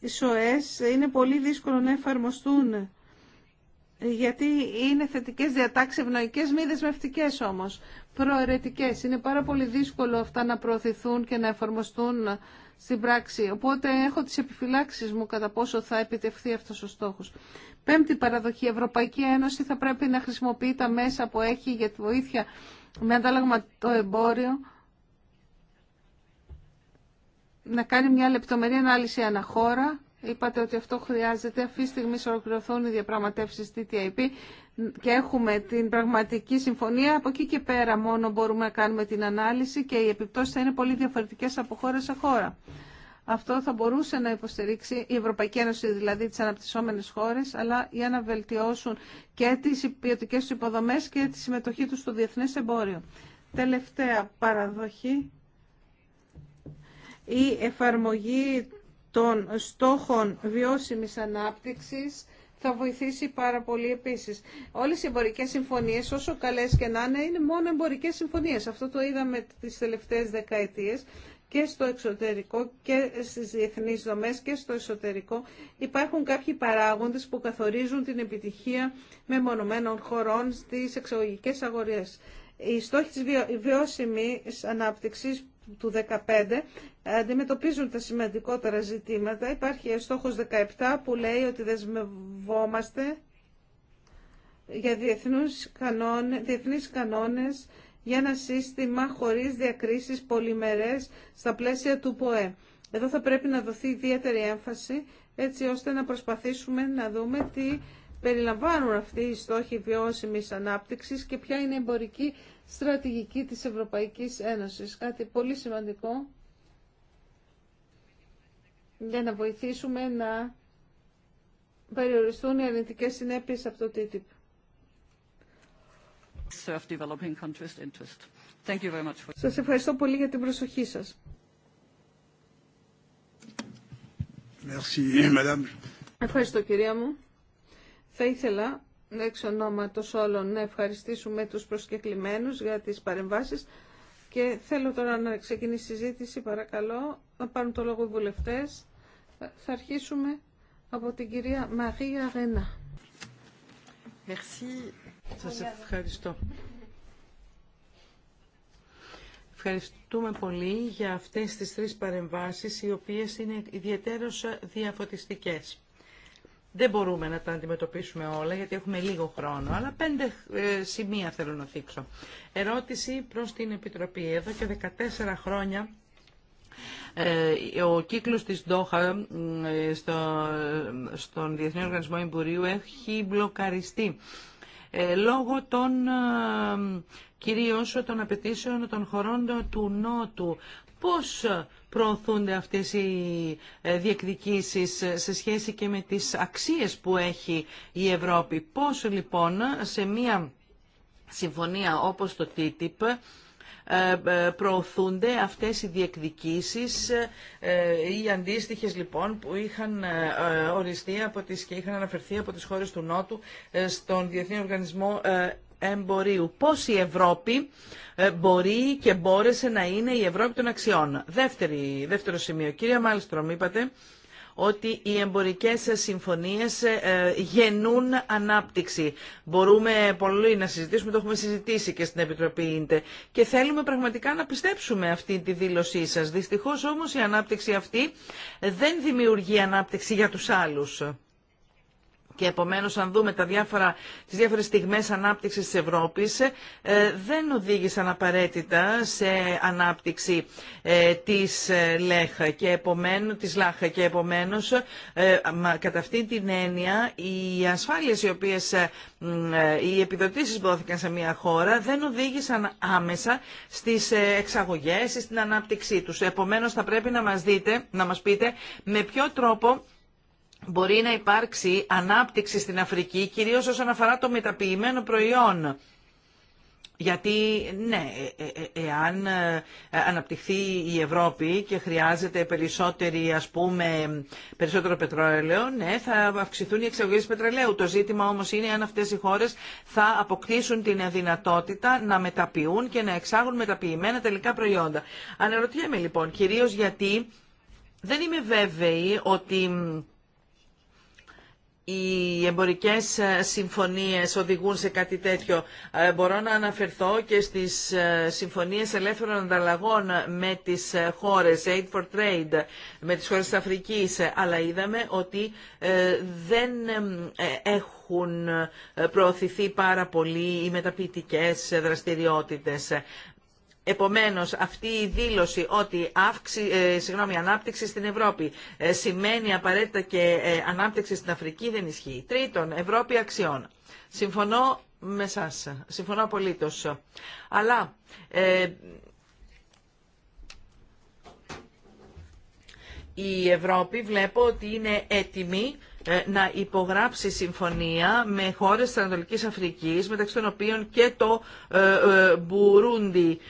οι ΣΟΕΣ είναι πολύ δύσκολο να εφαρμοστούν γιατί είναι θετικές διατάξεις ευνοϊκές, μη δεσμευτικέ όμως, προαιρετικές. Είναι πάρα πολύ δύσκολο αυτά να προωθηθούν και να εφαρμοστούν στην πράξη. Οπότε έχω τις επιφυλάξεις μου κατά πόσο θα επιτευχθεί αυτός ο στόχος. Πέμπτη παραδοχή, η Ευρωπαϊκή Ένωση θα πρέπει να χρησιμοποιεί τα μέσα που έχει για τη βοήθεια με αντάλλαγμα το εμπόριο, να κάνει μια λεπτομερή ανάλυση αναχώρα. Είπατε ότι αυτό χρειάζεται. Αυτή τη στιγμή ολοκληρωθούν οι διαπραγματεύσεις TTIP και έχουμε την πραγματική συμφωνία. Από εκεί και πέρα μόνο μπορούμε να κάνουμε την ανάλυση και οι επιπτώσεις θα είναι πολύ διαφορετικές από χώρα σε χώρα. Αυτό θα μπορούσε να υποστηρίξει η Ευρωπαϊκή Ένωση, δηλαδή τις αναπτυσσόμενες χώρες, αλλά για να βελτιώσουν και τις ποιοτικέ του υποδομές και τη συμμετοχή τους στο διεθνές εμπόριο. Τελευταία παραδοχή, η εφαρμογή των στόχων βιώσιμης ανάπτυξης θα βοηθήσει πάρα πολύ επίση. Όλες οι εμπορικέ συμφωνίες, όσο καλές και να είναι, είναι μόνο εμπορικέ συμφωνίες. Αυτό το είδαμε τις τελευταίες δεκαετίες και στο εξωτερικό και στις διεθνείς δομές και στο εσωτερικό υπάρχουν κάποιοι παράγοντες που καθορίζουν την επιτυχία μεμονωμένων χωρών στις εξαγωγικές αγορές. Η στόχη της βιώσιμης ανάπτυξης του 2015 αντιμετωπίζουν τα σημαντικότερα ζητήματα. Υπάρχει στόχος 17 που λέει ότι δεσμευόμαστε για διεθνούς κανόνες, διεθνείς κανόνες για ένα σύστημα χωρίς διακρίσεις πολυμερές στα πλαίσια του ΠΟΕ. Εδώ θα πρέπει να δοθεί ιδιαίτερη έμφαση έτσι ώστε να προσπαθήσουμε να δούμε τι περιλαμβάνουν αυτοί οι στόχοι βιώσιμης ανάπτυξης και ποια είναι η εμπορική στρατηγική της Ευρωπαϊκής Ένωσης. Κάτι πολύ σημαντικό για να βοηθήσουμε να περιοριστούν οι αρνητικές συνέπειες από το TTIP. Σας ευχαριστώ πολύ για την προσοχή σας. Ευχαριστώ κυρία μου. Θα ήθελα εξ ονόματος όλων να ευχαριστήσουμε τους προσκεκλημένους για τις παρεμβάσεις και θέλω τώρα να ξεκινήσει η συζήτηση παρακαλώ να πάρουν το λόγο οι βουλευτές θα αρχίσουμε από την κυρία Μαρία Ρένα Σας ευχαριστώ Ευχαριστούμε πολύ για αυτές τις τρεις παρεμβάσεις οι οποίες είναι ιδιαίτερως διαφωτιστικές δεν μπορούμε να τα αντιμετωπίσουμε όλα γιατί έχουμε λίγο χρόνο, αλλά πέντε ε, σημεία θέλω να θίξω. Ερώτηση προς την Επιτροπή. Εδώ και 14 χρόνια ε, ο κύκλος της Ντόχα ε, στο, στον Διεθνή Οργανισμό Εμπορίου έχει μπλοκαριστεί λόγω των κυρίως των απαιτήσεων των χωρών του Νότου πώς προωθούνται αυτές οι ε, διεκδικήσεις σε σχέση και με τις αξίες που έχει η Ευρώπη. Πώς λοιπόν σε μια συμφωνία όπως το TTIP ε, ε, προωθούνται αυτές οι διεκδικήσεις οι αντίστοιχες λοιπόν που είχαν οριστεί από τις, και είχαν αναφερθεί από τις χώρες του Νότου στον Διεθνή Οργανισμό εμπορίου. Πώς η Ευρώπη ε, μπορεί και μπόρεσε να είναι η Ευρώπη των αξιών. Δεύτερη, δεύτερο σημείο. Κυρία Μάλστρομ, είπατε ότι οι εμπορικές συμφωνίες ε, γεννούν ανάπτυξη. Μπορούμε πολύ να συζητήσουμε, το έχουμε συζητήσει και στην Επιτροπή Ίντε και θέλουμε πραγματικά να πιστέψουμε αυτή τη δήλωσή σας. Δυστυχώς όμως η ανάπτυξη αυτή δεν δημιουργεί ανάπτυξη για τους άλλους. Και επομένω, αν δούμε τα διάφορα, τις διάφορες στιγμές ανάπτυξης της Ευρώπης ε, δεν οδήγησαν απαραίτητα σε ανάπτυξη ε, της ε, ΛΕΧΑ και επομένως, της ΛΑΧΑ και επομένως κατά αυτή την έννοια οι ασφάλειες οι οποίες οι επιδοτήσεις που δόθηκαν σε μια χώρα δεν οδήγησαν άμεσα στις ή στην ανάπτυξή τους. Επομένω, θα πρέπει να μα δείτε, να μας πείτε με ποιο τρόπο μπορεί να υπάρξει ανάπτυξη στην Αφρική, κυρίως όσον αφορά το μεταποιημένο προϊόν. Γιατί, ναι, ε, ε, ε, εάν αναπτυχθεί η Ευρώπη και χρειάζεται περισσότερη, ας πούμε, περισσότερο πετρόλαιο, ναι, θα αυξηθούν οι εξαγωγές πετρελαίου. Το ζήτημα όμως είναι αν αυτές οι χώρες θα αποκτήσουν την δυνατότητα να μεταποιούν και να εξάγουν μεταποιημένα τελικά προϊόντα. Αναρωτιέμαι λοιπόν, κυρίως γιατί δεν είμαι βέβαιη ότι οι εμπορικές ε, συμφωνίες οδηγούν σε κάτι τέτοιο. Ε, μπορώ να αναφερθώ και στις ε, συμφωνίες ελεύθερων ανταλλαγών με τις χώρες, Aid for Trade, με τις χώρες της Αφρικής, αλλά είδαμε ότι δεν έχουν προωθηθεί πάρα πολύ οι μεταποιητικές δραστηριότητες. Επομένως, αυτή η δήλωση ότι αύξη, ε, συγγνώμη, ανάπτυξη στην Ευρώπη ε, σημαίνει απαραίτητα και ε, ανάπτυξη στην Αφρική δεν ισχύει. Τρίτον, Ευρώπη αξιών. Συμφωνώ με σας. Συμφωνώ απολύτως. Αλλά η Ευρώπη βλέπω ότι είναι έτοιμη ε, να υπογράψει συμφωνία με χώρες της Ανατολικής Αφρικής, μεταξύ των οποίων και το ε, ε, Μπουρούντι.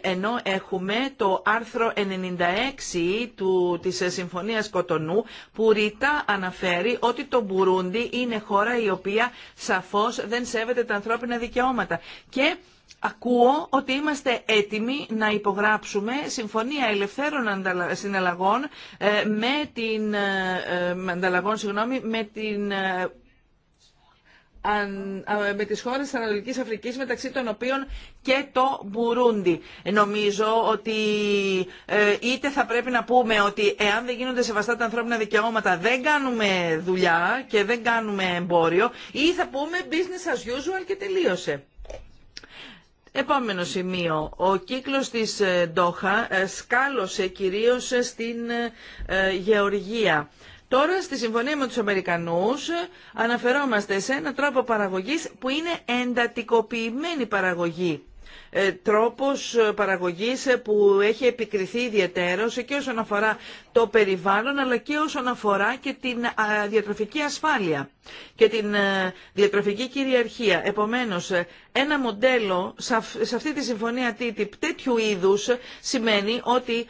Ενώ έχουμε το άρθρο 96 του, της Συμφωνίας Κοτονού που ρητά αναφέρει ότι το Μπουρούντι είναι χώρα η οποία σαφώς δεν σέβεται τα ανθρώπινα δικαιώματα. Και Ακούω ότι είμαστε έτοιμοι να υπογράψουμε συμφωνία ελευθέρων συναλλαγών ε, με την, ε, ε, ανταλλαγών, συγγνώμη, με την με τις χώρες της Ανατολικής Αφρικής μεταξύ των οποίων και το Μπουρούντι. Νομίζω ότι είτε θα πρέπει να πούμε ότι εάν δεν γίνονται σεβαστά τα ανθρώπινα δικαιώματα δεν κάνουμε δουλειά και δεν κάνουμε εμπόριο ή θα πούμε business as usual και τελείωσε. Επόμενο σημείο. Ο κύκλος της ε, Ντόχα ε, σκάλωσε κυρίως ε, στην γεωργία. Τώρα στη συμφωνία με τους Αμερικανούς αναφερόμαστε σε ένα τρόπο παραγωγής που είναι εντατικοποιημένη παραγωγή. Ε, τρόπος ε, παραγωγής ε, που έχει επικριθεί ιδιαιτέρως και όσον αφορά το περιβάλλον αλλά και όσον αφορά και την διατροφική ασφάλεια και την διατροφική κυριαρχία. Επομένως, ένα μοντέλο σε αυτή τη συμφωνία TTIP τέτοιου είδους σημαίνει ότι,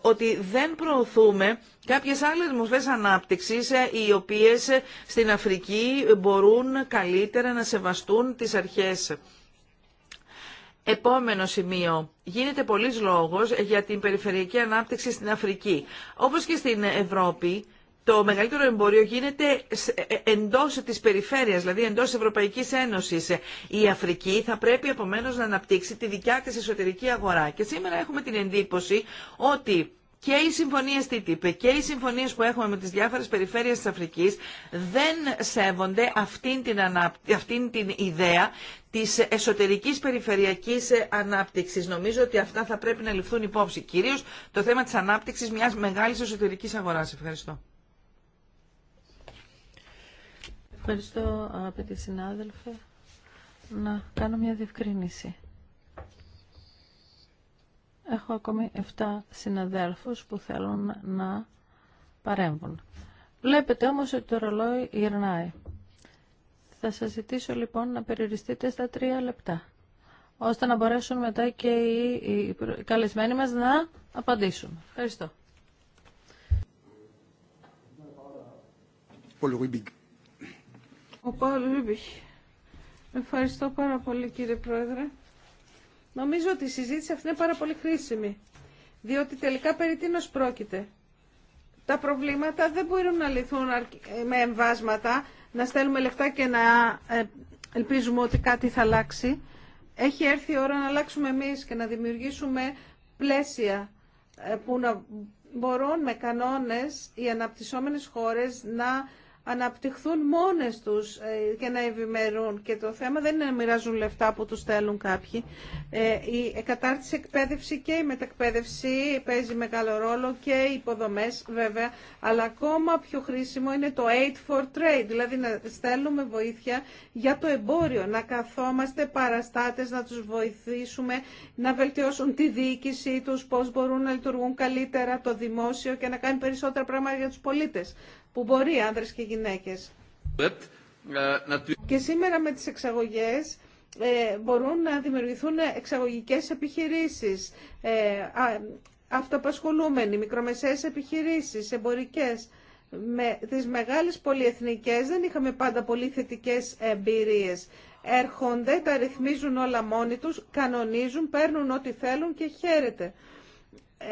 ότι δεν προωθούμε κάποιες άλλες μορφές ανάπτυξης οι οποίες στην Αφρική μπορούν καλύτερα να σεβαστούν τις αρχές Επόμενο σημείο. Γίνεται πολλή λόγος για την περιφερειακή ανάπτυξη στην Αφρική. Όπως και στην Ευρώπη, το μεγαλύτερο εμπόριο γίνεται ε, ε, εντός της περιφέρειας, δηλαδή εντός Ευρωπαϊκή Ευρωπαϊκής Ένωσης. Η Αφρική θα πρέπει επομένω να αναπτύξει τη δικιά της εσωτερική αγορά. Και σήμερα έχουμε την εντύπωση ότι και οι συμφωνίε TTIP και οι συμφωνίε που έχουμε με τις διάφορες περιφέρειες τη Αφρικής δεν σέβονται αυτήν την, την ιδέα της εσωτερικής περιφερειακής ανάπτυξης. Νομίζω ότι αυτά θα πρέπει να ληφθούν υπόψη. κυρίω το θέμα της ανάπτυξης μιας μεγάλης εσωτερικής αγοράς. Ευχαριστώ. Ευχαριστώ αγαπητοί συνάδελφοι, Να κάνω μια διευκρίνηση. Έχω ακόμη 7 συναδέλφους που θέλουν να παρέμβουν. Βλέπετε όμως ότι το ρολόι γυρνάει. Θα σας ζητήσω λοιπόν να περιοριστείτε στα 3 λεπτά, ώστε να μπορέσουν μετά και οι καλεσμένοι μας να απαντήσουν. Ευχαριστώ. Ο Ευχαριστώ πάρα πολύ κύριε Πρόεδρε. Νομίζω ότι η συζήτηση αυτή είναι πάρα πολύ χρήσιμη, διότι τελικά περί τίνος πρόκειται. Τα προβλήματα δεν μπορούν να λυθούν με εμβάσματα, να στέλνουμε λεφτά και να ε, ελπίζουμε ότι κάτι θα αλλάξει. Έχει έρθει η ώρα να αλλάξουμε εμείς και να δημιουργήσουμε πλαίσια ε, που να μπορούν με κανόνες οι αναπτυσσόμενες χώρες να αναπτυχθούν μόνες τους ε, και να ευημερούν. Και το θέμα δεν είναι να μοιράζουν λεφτά που τους στέλνουν κάποιοι. Ε, η κατάρτιση εκπαίδευση και η μετακπαίδευση παίζει μεγάλο ρόλο και οι υποδομές βέβαια, αλλά ακόμα πιο χρήσιμο είναι το aid for trade, δηλαδή να στέλνουμε βοήθεια για το εμπόριο, να καθόμαστε παραστάτες, να τους βοηθήσουμε, να βελτιώσουν τη διοίκησή τους, πώς μπορούν να λειτουργούν καλύτερα το δημόσιο και να κάνουν περισσότερα πράγματα για τους πολίτες που μπορεί άνδρες και γυναίκες. Και σήμερα με τις εξαγωγές ε, μπορούν να δημιουργηθούν εξαγωγικές επιχειρήσεις, ε, α, αυτοπασχολούμενοι, μικρομεσαίες επιχειρήσεις, εμπορικές. Με τις μεγάλες πολυεθνικές δεν είχαμε πάντα πολύ θετικέ εμπειρίες. Έρχονται, τα ρυθμίζουν όλα μόνοι τους, κανονίζουν, παίρνουν ό,τι θέλουν και χαίρεται.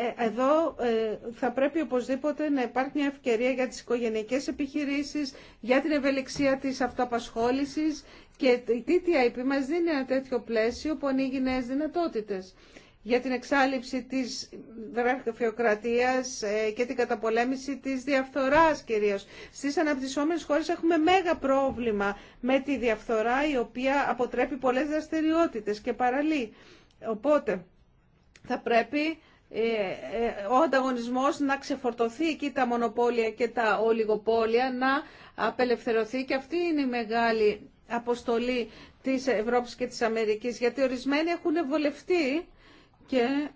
Ε, εδώ ε, θα πρέπει οπωσδήποτε να υπάρχει μια ευκαιρία για τις οικογενειακές επιχειρήσεις, για την ευελιξία της αυτοαπασχόλησης και η TTIP μας δίνει ένα τέτοιο πλαίσιο που ανοίγει νέε δυνατότητες για την εξάλληψη της γραφειοκρατίας ε, και την καταπολέμηση της διαφθοράς κυρίως. Στις αναπτυσσόμενες χώρες έχουμε μέγα πρόβλημα με τη διαφθορά η οποία αποτρέπει πολλές δραστηριότητες και παραλύει. Οπότε θα πρέπει ε, ε, ο ανταγωνισμός να ξεφορτωθεί εκεί τα μονοπόλια και τα ολιγοπόλια, να απελευθερωθεί και αυτή είναι η μεγάλη αποστολή της Ευρώπης και της Αμερικής, γιατί ορισμένοι έχουν βολευτεί και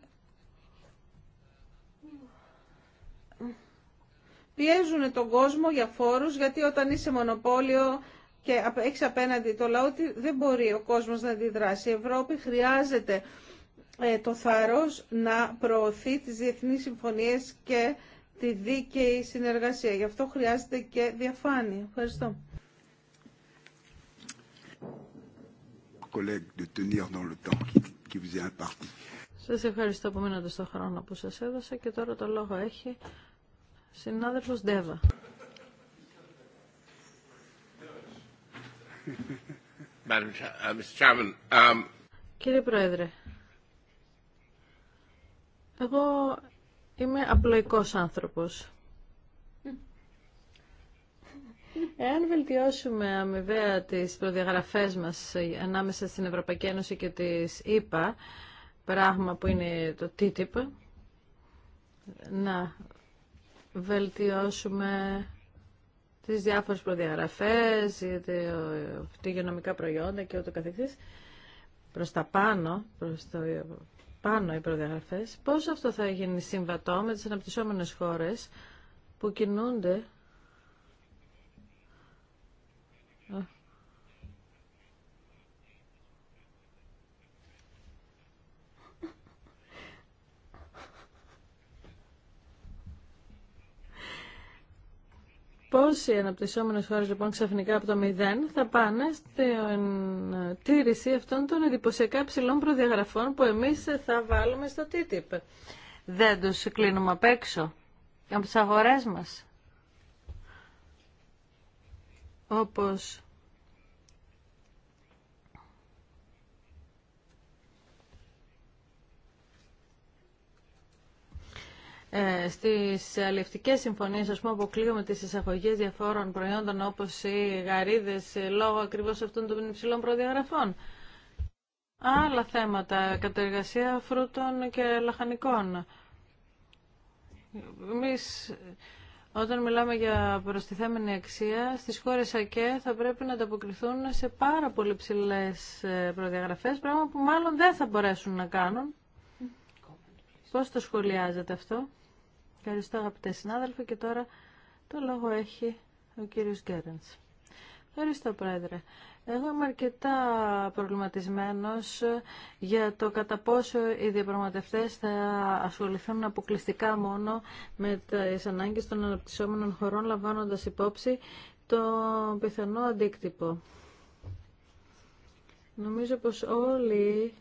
πιέζουν τον κόσμο για φόρους, γιατί όταν είσαι μονοπόλιο και έχεις απέναντι το λαό, δεν μπορεί ο κόσμος να αντιδράσει. Η Ευρώπη χρειάζεται ε, το θάρρος να προωθεί τις διεθνείς συμφωνίες και τη δίκαιη συνεργασία. Γι' αυτό χρειάζεται και διαφάνεια. Ευχαριστώ. Σας ευχαριστώ που μείνατε στο χρόνο που σας έδωσα και τώρα το λόγο έχει συνάδελφος Ντέβα. Uh, um, Κύριε Πρόεδρε, εγώ είμαι απλοϊκός άνθρωπος. Εάν βελτιώσουμε αμοιβαία τις προδιαγραφές μας ανάμεσα στην Ευρωπαϊκή Ένωση και τις ΕΠΑ, πράγμα που είναι το TTIP, να βελτιώσουμε τις διάφορες προδιαγραφές, τα υγειονομικά προϊόντα και ούτω καθεξής, προς τα πάνω, προς το πάνω οι προδιαγραφές, πώς αυτό θα γίνει συμβατό με τις αναπτυσσόμενε χώρες που κινούνται Πώς οι αναπτυσσόμενες χώρες λοιπόν ξαφνικά από το μηδέν θα πάνε στην τήρηση αυτών των εντυπωσιακά ψηλών προδιαγραφών που εμείς θα βάλουμε στο TTIP. Δεν τους κλείνουμε απ' έξω από τις αγορές μας. Όπως ε, στις αλληλευτικές συμφωνίες ας πούμε αποκλείουμε τις εισαγωγέ διαφόρων προϊόντων όπως οι γαρίδες ε, λόγω ακριβώς αυτών των υψηλών προδιαγραφών. Άλλα θέματα, κατεργασία φρούτων και λαχανικών. Εμείς όταν μιλάμε για προστιθέμενη αξία, στις χώρες ΑΚΕ θα πρέπει να ανταποκριθούν σε πάρα πολύ ψηλέ ε, προδιαγραφές, πράγμα που μάλλον δεν θα μπορέσουν να κάνουν. Πώς το σχολιάζετε αυτό? Ευχαριστώ αγαπητέ συνάδελφοι και τώρα το λόγο έχει ο κύριος Γκέρενς. Ευχαριστώ πρόεδρε. Εγώ είμαι αρκετά προβληματισμένος για το κατά πόσο οι διαπραγματευτές θα ασχοληθούν αποκλειστικά μόνο με τις ανάγκες των αναπτυσσόμενων χωρών λαμβάνοντας υπόψη το πιθανό αντίκτυπο. Νομίζω πως όλοι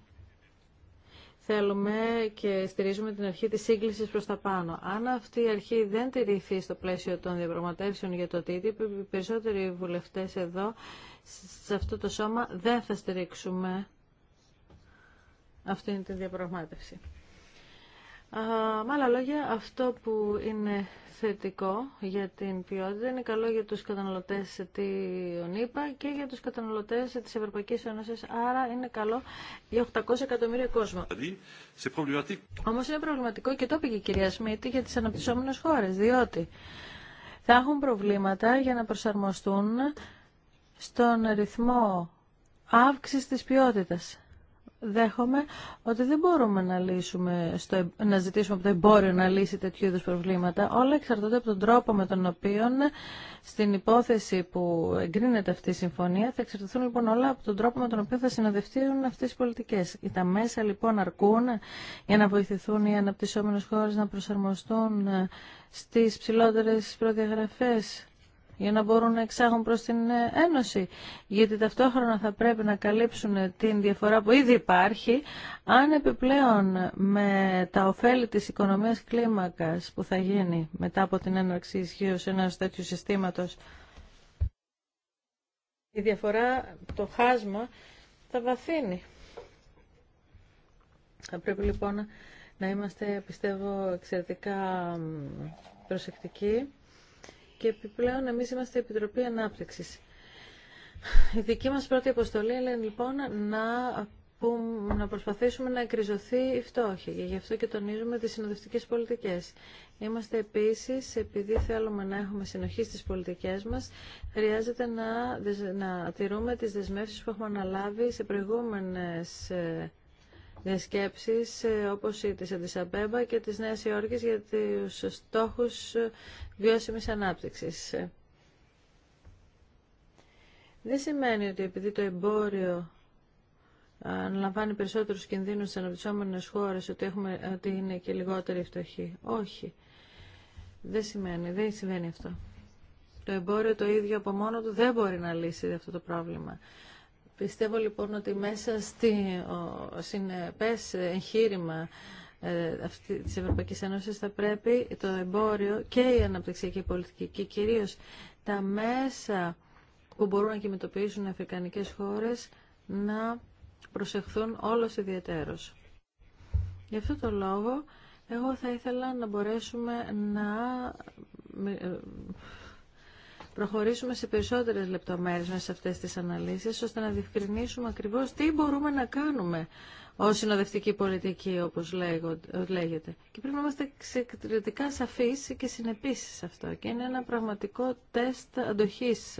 θέλουμε και στηρίζουμε την αρχή της σύγκλησης προς τα πάνω. Αν αυτή η αρχή δεν τηρηθεί στο πλαίσιο των διαπραγματεύσεων για το TTIP, οι περισσότεροι βουλευτές εδώ, σε αυτό το σώμα, δεν θα στηρίξουμε αυτήν την διαπραγμάτευση. Με άλλα λόγια, αυτό που είναι θετικό για την ποιότητα είναι καλό για τους καταναλωτές της ΟΝΥΠΑ και για τους καταναλωτές της Ευρωπαϊκής Ένωσης, άρα είναι καλό για 800 εκατομμύρια κόσμο. Δηλαδή, Όμως είναι προβληματικό και το είπε και η κυρία Σμίτη για τις αναπτυσσόμενες χώρες, διότι θα έχουν προβλήματα για να προσαρμοστούν στον ρυθμό αύξησης της ποιότητας δέχομαι ότι δεν μπορούμε να, λύσουμε στο, να ζητήσουμε από το εμπόριο να λύσει τέτοιου είδου προβλήματα. Όλα εξαρτώνται από τον τρόπο με τον οποίο στην υπόθεση που εγκρίνεται αυτή η συμφωνία θα εξαρτηθούν λοιπόν όλα από τον τρόπο με τον οποίο θα συνοδευτούν αυτέ οι πολιτικέ. Τα μέσα λοιπόν αρκούν για να βοηθηθούν οι αναπτυσσόμενε χώρε να προσαρμοστούν ε, στι ψηλότερε προδιαγραφέ για να μπορούν να εξάγουν προς την ε, Ένωση. Γιατί ταυτόχρονα θα πρέπει να καλύψουν την διαφορά που ήδη υπάρχει, αν επιπλέον με τα ωφέλη της οικονομίας κλίμακας που θα γίνει μετά από την έναρξη ισχύω ενός τέτοιου συστήματος, η διαφορά, το χάσμα θα βαθύνει. Θα πρέπει λοιπόν να είμαστε, πιστεύω, εξαιρετικά προσεκτικοί και επιπλέον εμείς είμαστε η Επιτροπή Ανάπτυξης. Η δική μας πρώτη αποστολή είναι λοιπόν να, που, να προσπαθήσουμε να εκριζωθεί η φτώχεια γι' αυτό και τονίζουμε τις συνοδευτικές πολιτικές. Είμαστε επίσης, επειδή θέλουμε να έχουμε συνοχή στις πολιτικές μας, χρειάζεται να, να τηρούμε τις δεσμεύσεις που έχουμε αναλάβει σε προηγούμενες ε, σκέψει ε, όπως η τη Αντισαμπέμπα και τη Νέα Υόρκη για του στόχου βιώσιμη ανάπτυξης. Δεν σημαίνει ότι επειδή το εμπόριο αναλαμβάνει περισσότερους κινδύνου στι αναπτυσσόμενες χώρε ότι, έχουμε, ότι είναι και λιγότερη φτωχή. Όχι. Δεν σημαίνει. Δεν συμβαίνει αυτό. Το εμπόριο το ίδιο από μόνο του δεν μπορεί να λύσει αυτό το πρόβλημα. Πιστεύω λοιπόν ότι μέσα στο συνεπές εγχείρημα ε, αυτή της Ευρωπαϊκής Ένωσης θα πρέπει το εμπόριο και η αναπτυξιακή πολιτική και κυρίως τα μέσα που μπορούν να κινητοποιήσουν αφρικανικές χώρες να προσεχθούν όλος ιδιαίτερος. Γι' αυτό το λόγο εγώ θα ήθελα να μπορέσουμε να ε, προχωρήσουμε σε περισσότερες λεπτομέρειες μέσα σε αυτές τις αναλύσεις, ώστε να διευκρινίσουμε ακριβώς τι μπορούμε να κάνουμε ω συνοδευτική πολιτική, όπως λέγεται. Και πρέπει να είμαστε εξαιρετικά σαφείς και συνεπείς σε αυτό. Και είναι ένα πραγματικό τεστ αντοχής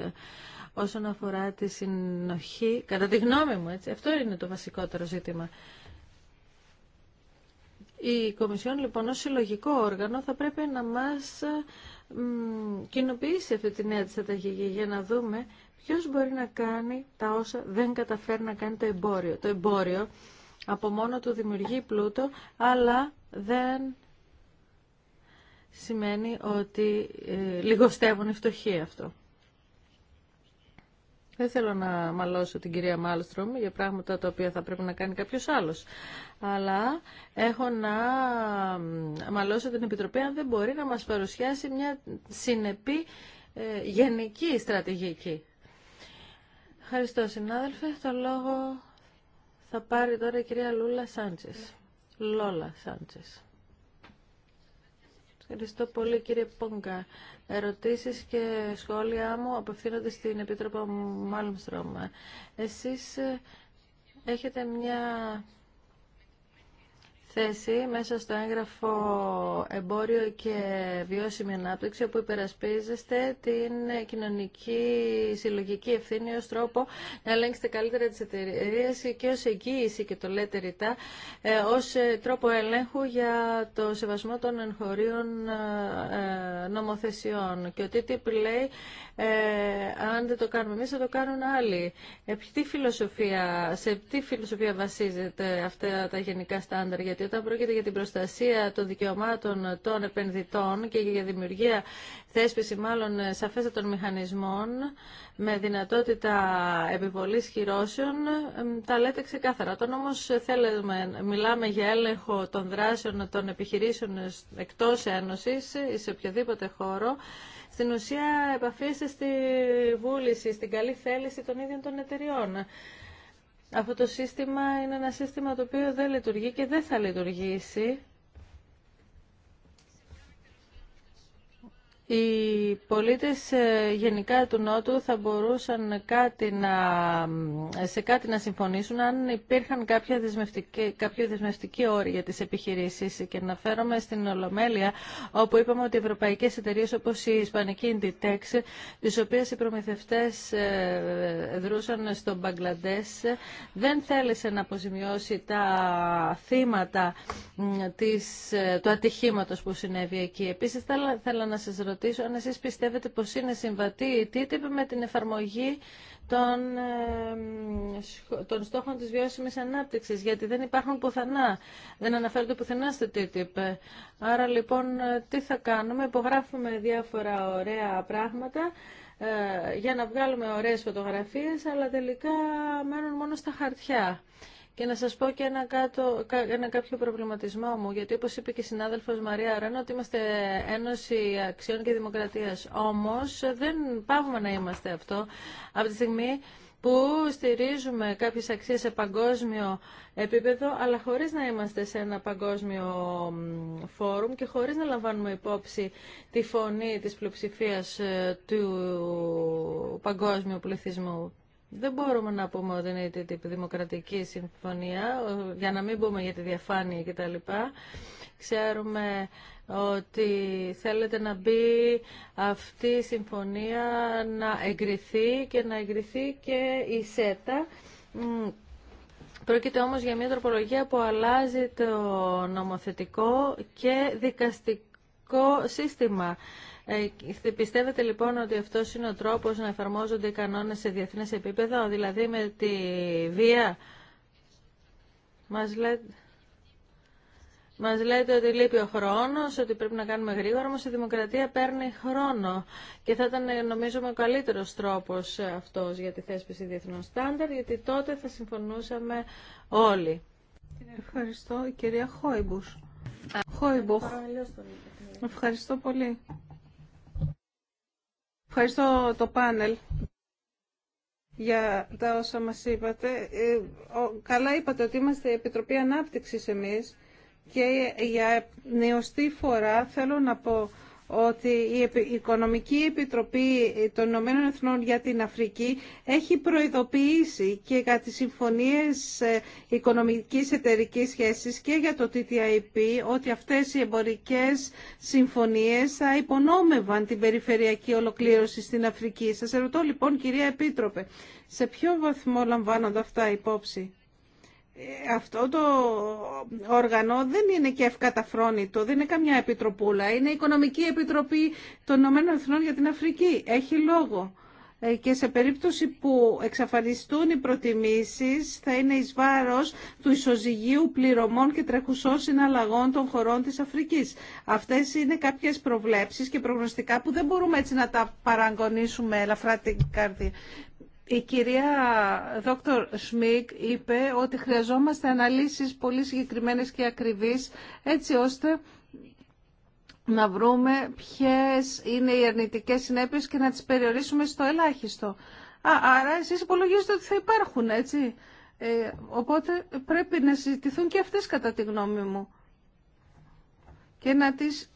όσον αφορά τη συνοχή, κατά τη γνώμη μου, έτσι. Αυτό είναι το βασικότερο ζήτημα. Η Κομισιόν, λοιπόν, ως συλλογικό όργανο θα πρέπει να μας κοινοποιήσει αυτή τη νέα αταγική για να δούμε ποιος μπορεί να κάνει τα όσα δεν καταφέρει να κάνει το εμπόριο. Το εμπόριο από μόνο του δημιουργεί πλούτο, αλλά δεν σημαίνει ότι ε, λιγοστεύουν οι φτωχοί αυτό. Δεν θέλω να μαλώσω την κυρία Μάλστρομ για πράγματα τα οποία θα πρέπει να κάνει κάποιος άλλος. Αλλά έχω να μαλώσω την Επιτροπή αν δεν μπορεί να μας παρουσιάσει μια συνεπή ε, γενική στρατηγική. Ευχαριστώ συνάδελφε. Το λόγο θα πάρει τώρα η κυρία Λούλα Σάντσες. Λόλα Σάντσες. Ευχαριστώ πολύ κύριε Πόγκα. Ερωτήσεις και σχόλια μου απευθύνονται στην Επίτροπο Μάλμστρομ. Εσείς ε, έχετε μια θέση μέσα στο έγγραφο εμπόριο και βιώσιμη ανάπτυξη όπου υπερασπίζεστε την κοινωνική συλλογική ευθύνη ως τρόπο να ελέγξετε καλύτερα τις εταιρείε και ως εγγύηση και το λέτε ρητά ε, ως ε, τρόπο ελέγχου για το σεβασμό των εγχωρίων ε, νομοθεσιών και ο τι λέει ε, αν δεν το κάνουμε εμείς θα το κάνουν άλλοι. Ε, φιλοσοφία, σε τι φιλοσοφία βασίζεται αυτά τα γενικά στάνταρ, γιατί όταν πρόκειται για την προστασία των δικαιωμάτων των επενδυτών και για δημιουργία θέσπιση μάλλον σαφέστατων μηχανισμών με δυνατότητα επιβολής χειρώσεων, τα λέτε ξεκάθαρα. Όταν όμως θέλουμε, μιλάμε για έλεγχο των δράσεων των επιχειρήσεων εκτός Ένωσης ή σε οποιοδήποτε χώρο, στην ουσία επαφίεστε στη βούληση, στην καλή θέληση των ίδιων των εταιριών. Αυτό το σύστημα είναι ένα σύστημα το οποίο δεν λειτουργεί και δεν θα λειτουργήσει οι πολίτες ε, γενικά του Νότου θα μπορούσαν κάτι να, σε κάτι να συμφωνήσουν αν υπήρχαν κάποια δεσμευτική, κάποια δεσμευτική όρη για τις επιχειρήσεις και να φέρομαι στην Ολομέλεια όπου είπαμε ότι οι ευρωπαϊκές εταιρείες όπως η Ισπανική Inditex τις οποίες οι προμηθευτές ε, δρούσαν στο Μπαγκλαντές δεν θέλησε να αποζημιώσει τα θύματα ε, του ατυχήματος που συνέβη εκεί. Επίσης θέλω, θέλω να σας ρωτήσω ρωτήσω αν εσείς πιστεύετε πως είναι συμβατή η TTIP με την εφαρμογή των, των στόχων της βιώσιμης ανάπτυξης, γιατί δεν υπάρχουν πουθενά, δεν αναφέρονται πουθενά στο TTIP. Άρα λοιπόν ε, τι θα κάνουμε, υπογράφουμε διάφορα ωραία πράγματα ε, για να βγάλουμε ωραίες φωτογραφίες, αλλά τελικά μένουν μόνο στα χαρτιά. Και να σας πω και ένα, ένα κάποιο προβληματισμό μου, γιατί όπως είπε και η συνάδελφος Μαρία Ρένα, ότι είμαστε Ένωση Αξιών και Δημοκρατίας. Όμως δεν πάβουμε να είμαστε αυτό. Από τη στιγμή που στηρίζουμε κάποιες αξίες σε παγκόσμιο επίπεδο, αλλά χωρίς να είμαστε σε ένα παγκόσμιο φόρουμ και χωρίς να λαμβάνουμε υπόψη τη φωνή της πλειοψηφίας ε, του παγκόσμιου πληθυσμού. Δεν μπορούμε να πούμε ότι είναι η δημοκρατική συμφωνία, για να μην πούμε για τη διαφάνεια κτλ. Ξέρουμε ότι θέλετε να μπει αυτή η συμφωνία να εγκριθεί και να εγκριθεί και η ΣΕΤΑ. Πρόκειται όμως για μια τροπολογία που αλλάζει το νομοθετικό και δικαστικό σύστημα. Ε, πιστεύετε λοιπόν ότι αυτό είναι ο τρόπο να εφαρμόζονται οι κανόνε σε διεθνέ επίπεδο, δηλαδή με τη βία. Μας λέτε... Μα λέτε ότι λείπει ο χρόνο, ότι πρέπει να κάνουμε γρήγορα, όμω η δημοκρατία παίρνει χρόνο. Και θα ήταν, νομίζω, ο καλύτερο τρόπο αυτό για τη θέσπιση διεθνών στάνταρ, γιατί τότε θα συμφωνούσαμε όλοι. Ευχαριστώ, η κυρία Χόιμπους. Ευχαριστώ πολύ. Ευχαριστώ το πάνελ για τα όσα μας είπατε. Ε, καλά είπατε ότι είμαστε η Επιτροπή Ανάπτυξης εμείς και για νεωστή φορά θέλω να πω ότι η Οικονομική Επιτροπή των Ηνωμένων Εθνών για την Αφρική έχει προειδοποιήσει και για τις συμφωνίες ε, οικονομικής εταιρικής σχέσης και για το TTIP ότι αυτές οι εμπορικές συμφωνίες θα υπονόμευαν την περιφερειακή ολοκλήρωση στην Αφρική. Σας ερωτώ λοιπόν κυρία Επίτροπε, σε ποιο βαθμό λαμβάνονται αυτά υπόψη. Ε, αυτό το όργανο δεν είναι και ευκαταφρόνητο, δεν είναι καμιά επιτροπούλα. Είναι η Οικονομική Επιτροπή των Ηνωμένων Εθνών για την Αφρική. Έχει λόγο. Ε, και σε περίπτωση που εξαφανιστούν οι προτιμήσεις θα είναι εις βάρος του ισοζυγίου πληρωμών και τρεχουσών συναλλαγών των χωρών της Αφρικής. Αυτές είναι κάποιες προβλέψεις και προγνωστικά που δεν μπορούμε έτσι να τα παραγωνίσουμε ελαφρά την καρδία. Η κυρία Δόκτωρ Σμίγκ είπε ότι χρειαζόμαστε αναλύσεις πολύ συγκεκριμένες και ακριβείς έτσι ώστε να βρούμε ποιες είναι οι αρνητικές συνέπειες και να τις περιορίσουμε στο ελάχιστο. άρα εσείς υπολογίζετε ότι θα υπάρχουν, έτσι. Ε, οπότε πρέπει να συζητηθούν και αυτές κατά τη γνώμη μου και να τις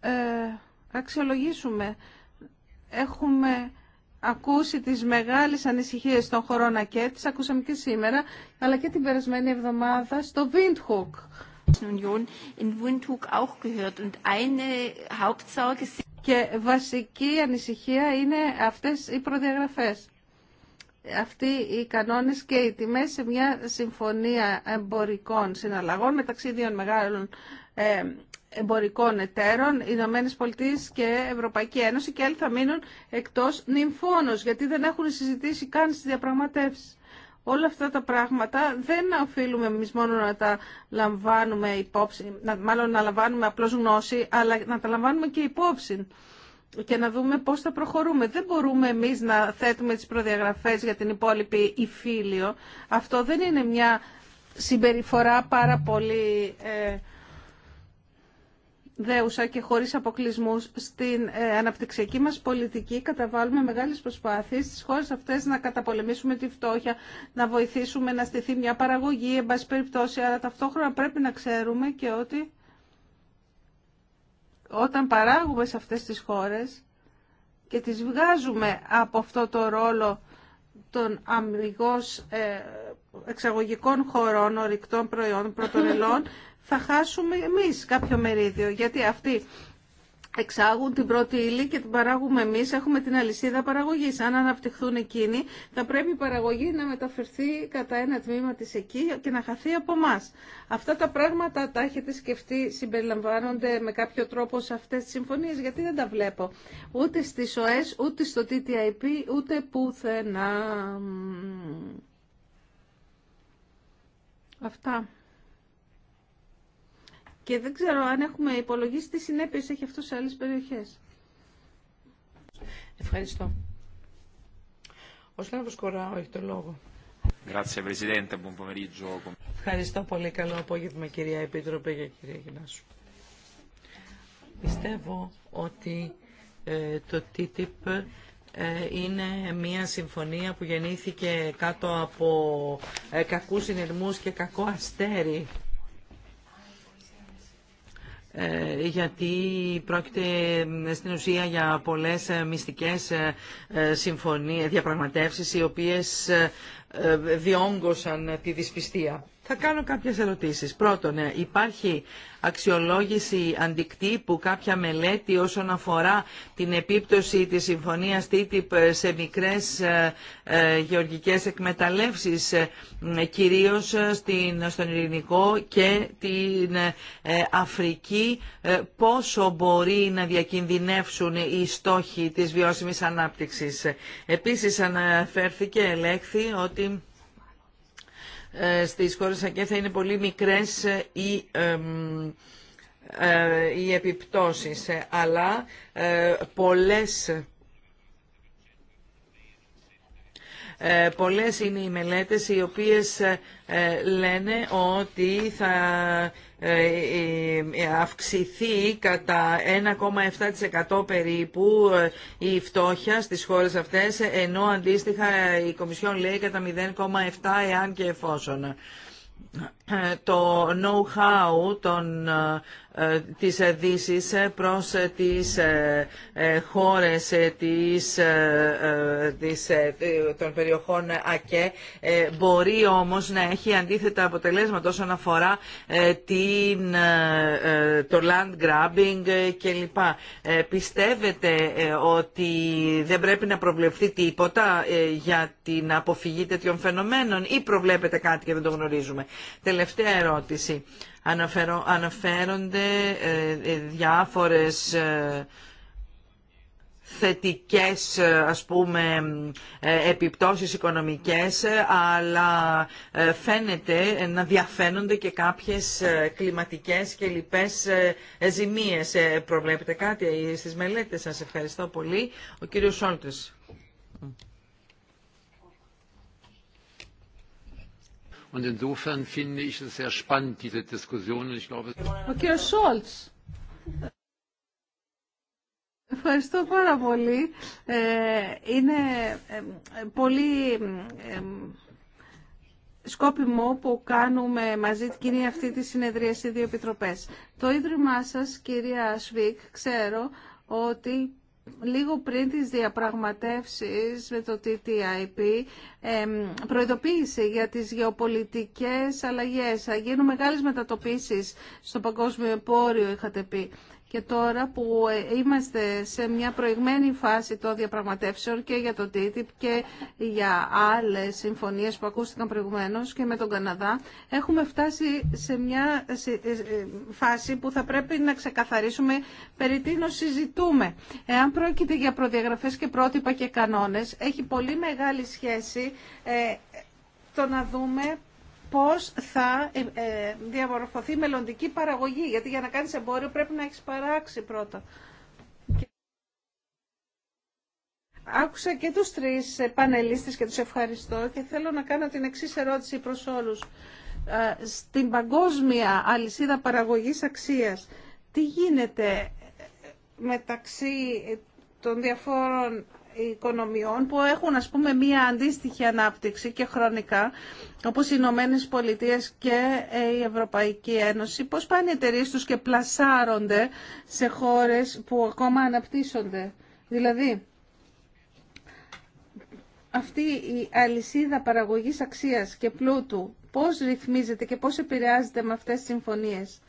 ε, αξιολογήσουμε. Έχουμε ακούσει τις μεγάλες ανησυχίες των χωρών και τις ακούσαμε και σήμερα, αλλά και την περασμένη εβδομάδα στο Windhoek. Και βασική ανησυχία είναι αυτές οι προδιαγραφές. Αυτοί οι κανόνες και οι τιμές σε μια συμφωνία εμπορικών συναλλαγών μεταξύ δύο μεγάλων ε, εμπορικών εταίρων, Ηνωμένε Πολιτείε και Ευρωπαϊκή Ένωση και άλλοι θα μείνουν εκτός νυμφώνος, γιατί δεν έχουν συζητήσει καν στις διαπραγματεύσεις. Όλα αυτά τα πράγματα δεν οφείλουμε εμεί μόνο να τα λαμβάνουμε υπόψη, να, μάλλον να λαμβάνουμε απλώς γνώση, αλλά να τα λαμβάνουμε και υπόψη και να δούμε πώ θα προχωρούμε. Δεν μπορούμε εμεί να θέτουμε τι προδιαγραφέ για την υπόλοιπη υφήλιο. Αυτό δεν είναι μια συμπεριφορά πάρα πολύ... Ε, δέουσα και χωρίς αποκλεισμού στην ε, αναπτυξιακή μας πολιτική καταβάλουμε μεγάλες προσπάθειες στις χώρες αυτές να καταπολεμήσουμε τη φτώχεια, να βοηθήσουμε να στηθεί μια παραγωγή, εν πάση περιπτώσει, αλλά ταυτόχρονα πρέπει να ξέρουμε και ότι όταν παράγουμε σε αυτές τις χώρες και τις βγάζουμε από αυτό το ρόλο των αμυγός ε, εξαγωγικών χωρών, ορυκτών προϊόντων, πρωτορελών, θα χάσουμε εμείς κάποιο μερίδιο, γιατί αυτοί εξάγουν την πρώτη ύλη και την παράγουμε εμείς, έχουμε την αλυσίδα παραγωγής. Αν αναπτυχθούν εκείνοι, θα πρέπει η παραγωγή να μεταφερθεί κατά ένα τμήμα της εκεί και να χαθεί από εμά. Αυτά τα πράγματα τα έχετε σκεφτεί, συμπεριλαμβάνονται με κάποιο τρόπο σε αυτές τις συμφωνίες, γιατί δεν τα βλέπω. Ούτε στις ΟΕΣ, ούτε στο TTIP, ούτε πουθενά. Αυτά και δεν ξέρω αν έχουμε υπολογίσει τι συνέπειες έχει αυτό σε άλλες περιοχές. Ευχαριστώ. Ο Σλάβος Κοράου έχει το λόγο. Ευχαριστώ πολύ. Καλό απόγευμα κυρία Επίτροπε και κυρία Γινάσου. Πιστεύω ότι ε, το TTIP ε, είναι μια συμφωνία που γεννήθηκε κάτω από ε, κακούς συνειρμούς και κακό αστέρι ε, γιατί πρόκειται στην ουσία για πολλές ε, μυστικές ε, συμφωνίες, διαπραγματεύσεις οι οποίες διόγκωσαν τη δυσπιστία. Θα κάνω κάποιες ερωτήσεις. Πρώτον, ε, υπάρχει αξιολόγηση αντικτύπου, κάποια μελέτη όσον αφορά την επίπτωση της συμφωνίας TTIP σε μικρές ε, ε, γεωργικές εκμεταλλεύσεις, κυρίως στον Ειρηνικό και την Αφρική, πόσο μπορεί να διακινδυνεύσουν οι στόχοι της βιώσιμης ανάπτυξης. Επίσης αναφέρθηκε, ελέγχθη, ότι ε, στις χώρες ΑΚΕ θα είναι πολύ μικρές ε, οι ε, οι επιπτώσεις, αλλά πολλές Ε, πολλές είναι οι μελέτες οι οποίες ε, λένε ότι θα ε, αυξηθεί κατά 1,7% περίπου η φτώχεια στις χώρες αυτές, ενώ αντίστοιχα η Κομισιόν λέει κατά 0,7% εάν και εφόσον. Το know-how των ε, ε, ε, τις ειδήσει προς τις χώρες της, της, των περιοχών ΑΚΕ μπορεί όμως να έχει αντίθετα αποτελέσματα όσον αφορά την, το land grabbing κλπ. Πιστεύετε ότι δεν πρέπει να προβλεφθεί τίποτα για την αποφυγή τέτοιων φαινομένων ή προβλέπετε κάτι και δεν το γνωρίζουμε. Τελευταία ερώτηση αναφέρονται ε, ε, διάφορες ε, θετικές ας πούμε επιπτώσεις οικονομικές αλλά φαίνεται να διαφαίνονται και κάποιες κλιματικές και λοιπές ζημίες. Προβλέπετε κάτι στις μελέτες σας. Ευχαριστώ πολύ. Ο κύριος Σόλτες. Und insofern finde ich es sehr spannend, diese Diskussion. Und Ich glaube, okay, κ. Σόλτς. Ευχαριστώ πάρα πολύ. Ε, είναι ε, πολύ ε, σκόπιμο που κάνουμε μαζί την κοινή αυτή τη συνεδρία δύο επιτροπές. Το Ίδρυμά σας, κυρία Σβίκ, ξέρω ότι λίγο πριν τις διαπραγματεύσεις με το TTIP προειδοποίησε για τις γεωπολιτικές αλλαγές. Θα γίνουν μεγάλες μετατοπίσεις στο παγκόσμιο εμπόριο, είχατε πει. Και τώρα που είμαστε σε μια προηγμένη φάση των διαπραγματεύσεων και για το TTIP και για άλλες συμφωνίες που ακούστηκαν προηγουμένως και με τον Καναδά, έχουμε φτάσει σε μια ε, ε, φάση που θα πρέπει να ξεκαθαρίσουμε περί τίνο συζητούμε. Εάν πρόκειται για προδιαγραφές και πρότυπα και κανόνες, έχει πολύ μεγάλη σχέση ε, το να δούμε πώς θα ε, ε, διαμορφωθεί η μελλοντική παραγωγή. Γιατί για να κάνεις εμπόριο πρέπει να έχεις παράξει πρώτα. Άκουσα και τους τρεις πανελίστες και τους ευχαριστώ και θέλω να κάνω την εξής ερώτηση προς όλους. Ε, στην παγκόσμια αλυσίδα παραγωγής αξίας, τι γίνεται μεταξύ των διαφόρων οικονομιών που έχουν ας πούμε μία αντίστοιχη ανάπτυξη και χρονικά όπως οι Ηνωμένε Πολιτείε και ε, η Ευρωπαϊκή Ένωση. Πώς πάνε οι εταιρείε τους και πλασάρονται σε χώρες που ακόμα αναπτύσσονται. Δηλαδή αυτή η αλυσίδα παραγωγής αξίας και πλούτου πώς ρυθμίζεται και πώς επηρεάζεται με αυτές τις συμφωνίες.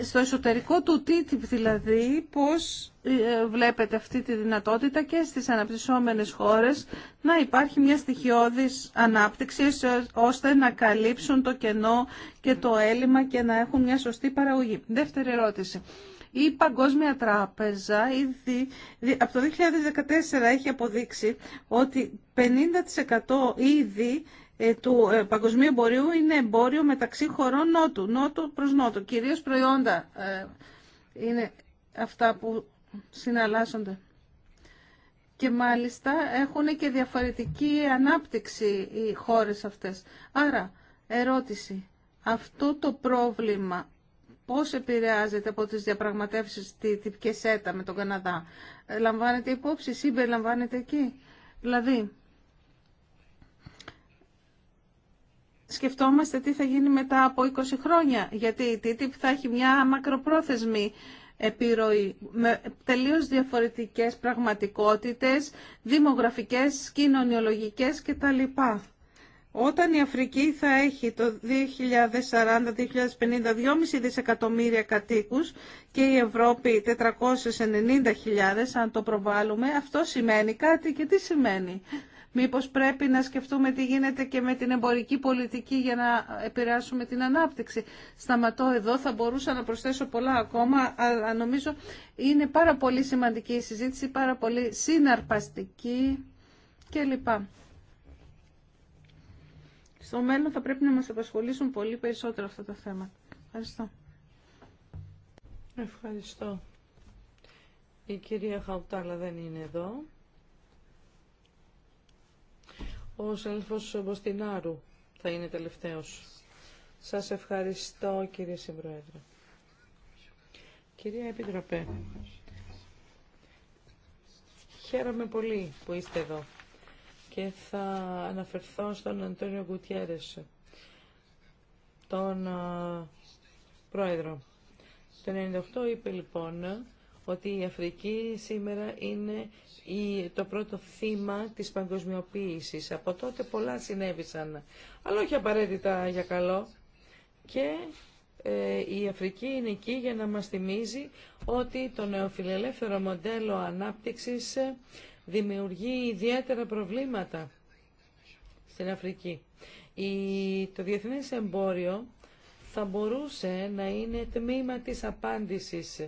Στο εσωτερικό του TTIP δηλαδή, πώς ε, βλέπετε αυτή τη δυνατότητα και στις αναπτυσσόμενες χώρες να υπάρχει μια στοιχειώδης ανάπτυξη ώστε να καλύψουν το κενό και το έλλειμμα και να έχουν μια σωστή παραγωγή. Δεύτερη ερώτηση. Η Παγκόσμια Τράπεζα ήδη από το 2014 έχει αποδείξει ότι 50% ήδη ε, του ε, παγκοσμίου εμπορίου είναι εμπόριο μεταξύ χωρών νότου, νότου προς νότου. Κυρίως προϊόντα ε, είναι αυτά που συναλλάσσονται. Και μάλιστα έχουν και διαφορετική ανάπτυξη οι χώρες αυτές. Άρα, ερώτηση, αυτό το πρόβλημα πώς επηρεάζεται από τις διαπραγματεύσεις τη τυπική με τον Καναδά. Λαμβάνεται υπόψη, συμπεριλαμβάνεται εκεί. Δηλαδή, σκεφτόμαστε τι θα γίνει μετά από 20 χρόνια, γιατί η TTIP θα έχει μια μακροπρόθεσμη επιρροή με τελείως διαφορετικές πραγματικότητες, δημογραφικές, κοινωνιολογικές κτλ. Όταν η Αφρική θα έχει το 2040-2050 2,5 δισεκατομμύρια κατοίκους και η Ευρώπη 490.000, αν το προβάλλουμε, αυτό σημαίνει κάτι και τι σημαίνει. Μήπως πρέπει να σκεφτούμε τι γίνεται και με την εμπορική πολιτική για να επηρεάσουμε την ανάπτυξη. Σταματώ εδώ, θα μπορούσα να προσθέσω πολλά ακόμα, αλλά νομίζω είναι πάρα πολύ σημαντική η συζήτηση, πάρα πολύ συναρπαστική κλπ. Στο μέλλον θα πρέπει να μας απασχολήσουν πολύ περισσότερο αυτά το θέματα. Ευχαριστώ. Ευχαριστώ. Η κυρία Χαουτάλα δεν είναι εδώ. Ο Σέλφος Μποστινάρου θα είναι τελευταίος. Σας ευχαριστώ κύριε Συμπροέδρε. Κυρία Επιτροπέ, χαίρομαι πολύ που είστε εδώ και θα αναφερθώ στον Αντώνιο Γκουτιέρες, τον πρόεδρο. Το 1998 είπε λοιπόν ότι η Αφρική σήμερα είναι η, το πρώτο θύμα της παγκοσμιοποίησης. Από τότε πολλά συνέβησαν, αλλά όχι απαραίτητα για καλό. Και ε, η Αφρική είναι εκεί για να μας θυμίζει ότι το νεοφιλελεύθερο μοντέλο ανάπτυξης ε, δημιουργεί ιδιαίτερα προβλήματα στην Αφρική. Η, το διεθνές εμπόριο θα μπορούσε να είναι τμήμα της απάντησης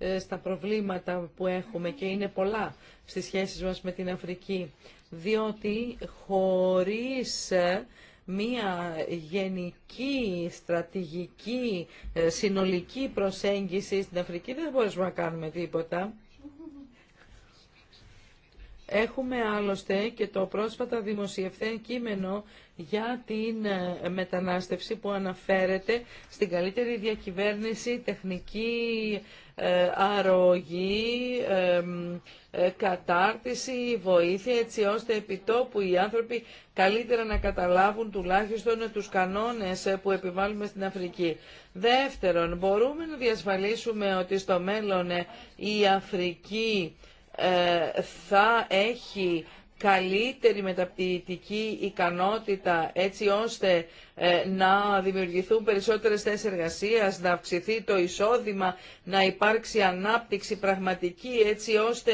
ε, στα προβλήματα που έχουμε και είναι πολλά στις σχέσεις μας με την Αφρική, διότι χωρίς ε, μία γενική, στρατηγική, ε, συνολική προσέγγιση στην Αφρική δεν μπορούμε να κάνουμε τίποτα. Έχουμε άλλωστε και το πρόσφατα δημοσιευθέν κείμενο για την ε, μετανάστευση που αναφέρεται στην καλύτερη διακυβέρνηση, τεχνική ε, αρρωγή, ε, κατάρτιση, βοήθεια έτσι ώστε επιτόπου οι άνθρωποι καλύτερα να καταλάβουν τουλάχιστον τους κανόνες που επιβάλλουμε στην Αφρική. Δεύτερον, μπορούμε να διασφαλίσουμε ότι στο μέλλον η Αφρική ε, θα έχει καλύτερη μεταπτυχιακή ικανότητα έτσι ώστε ε, να δημιουργηθούν περισσότερες θέσεις εργασίας, να αυξηθεί το εισόδημα, να υπάρξει ανάπτυξη πραγματική έτσι ώστε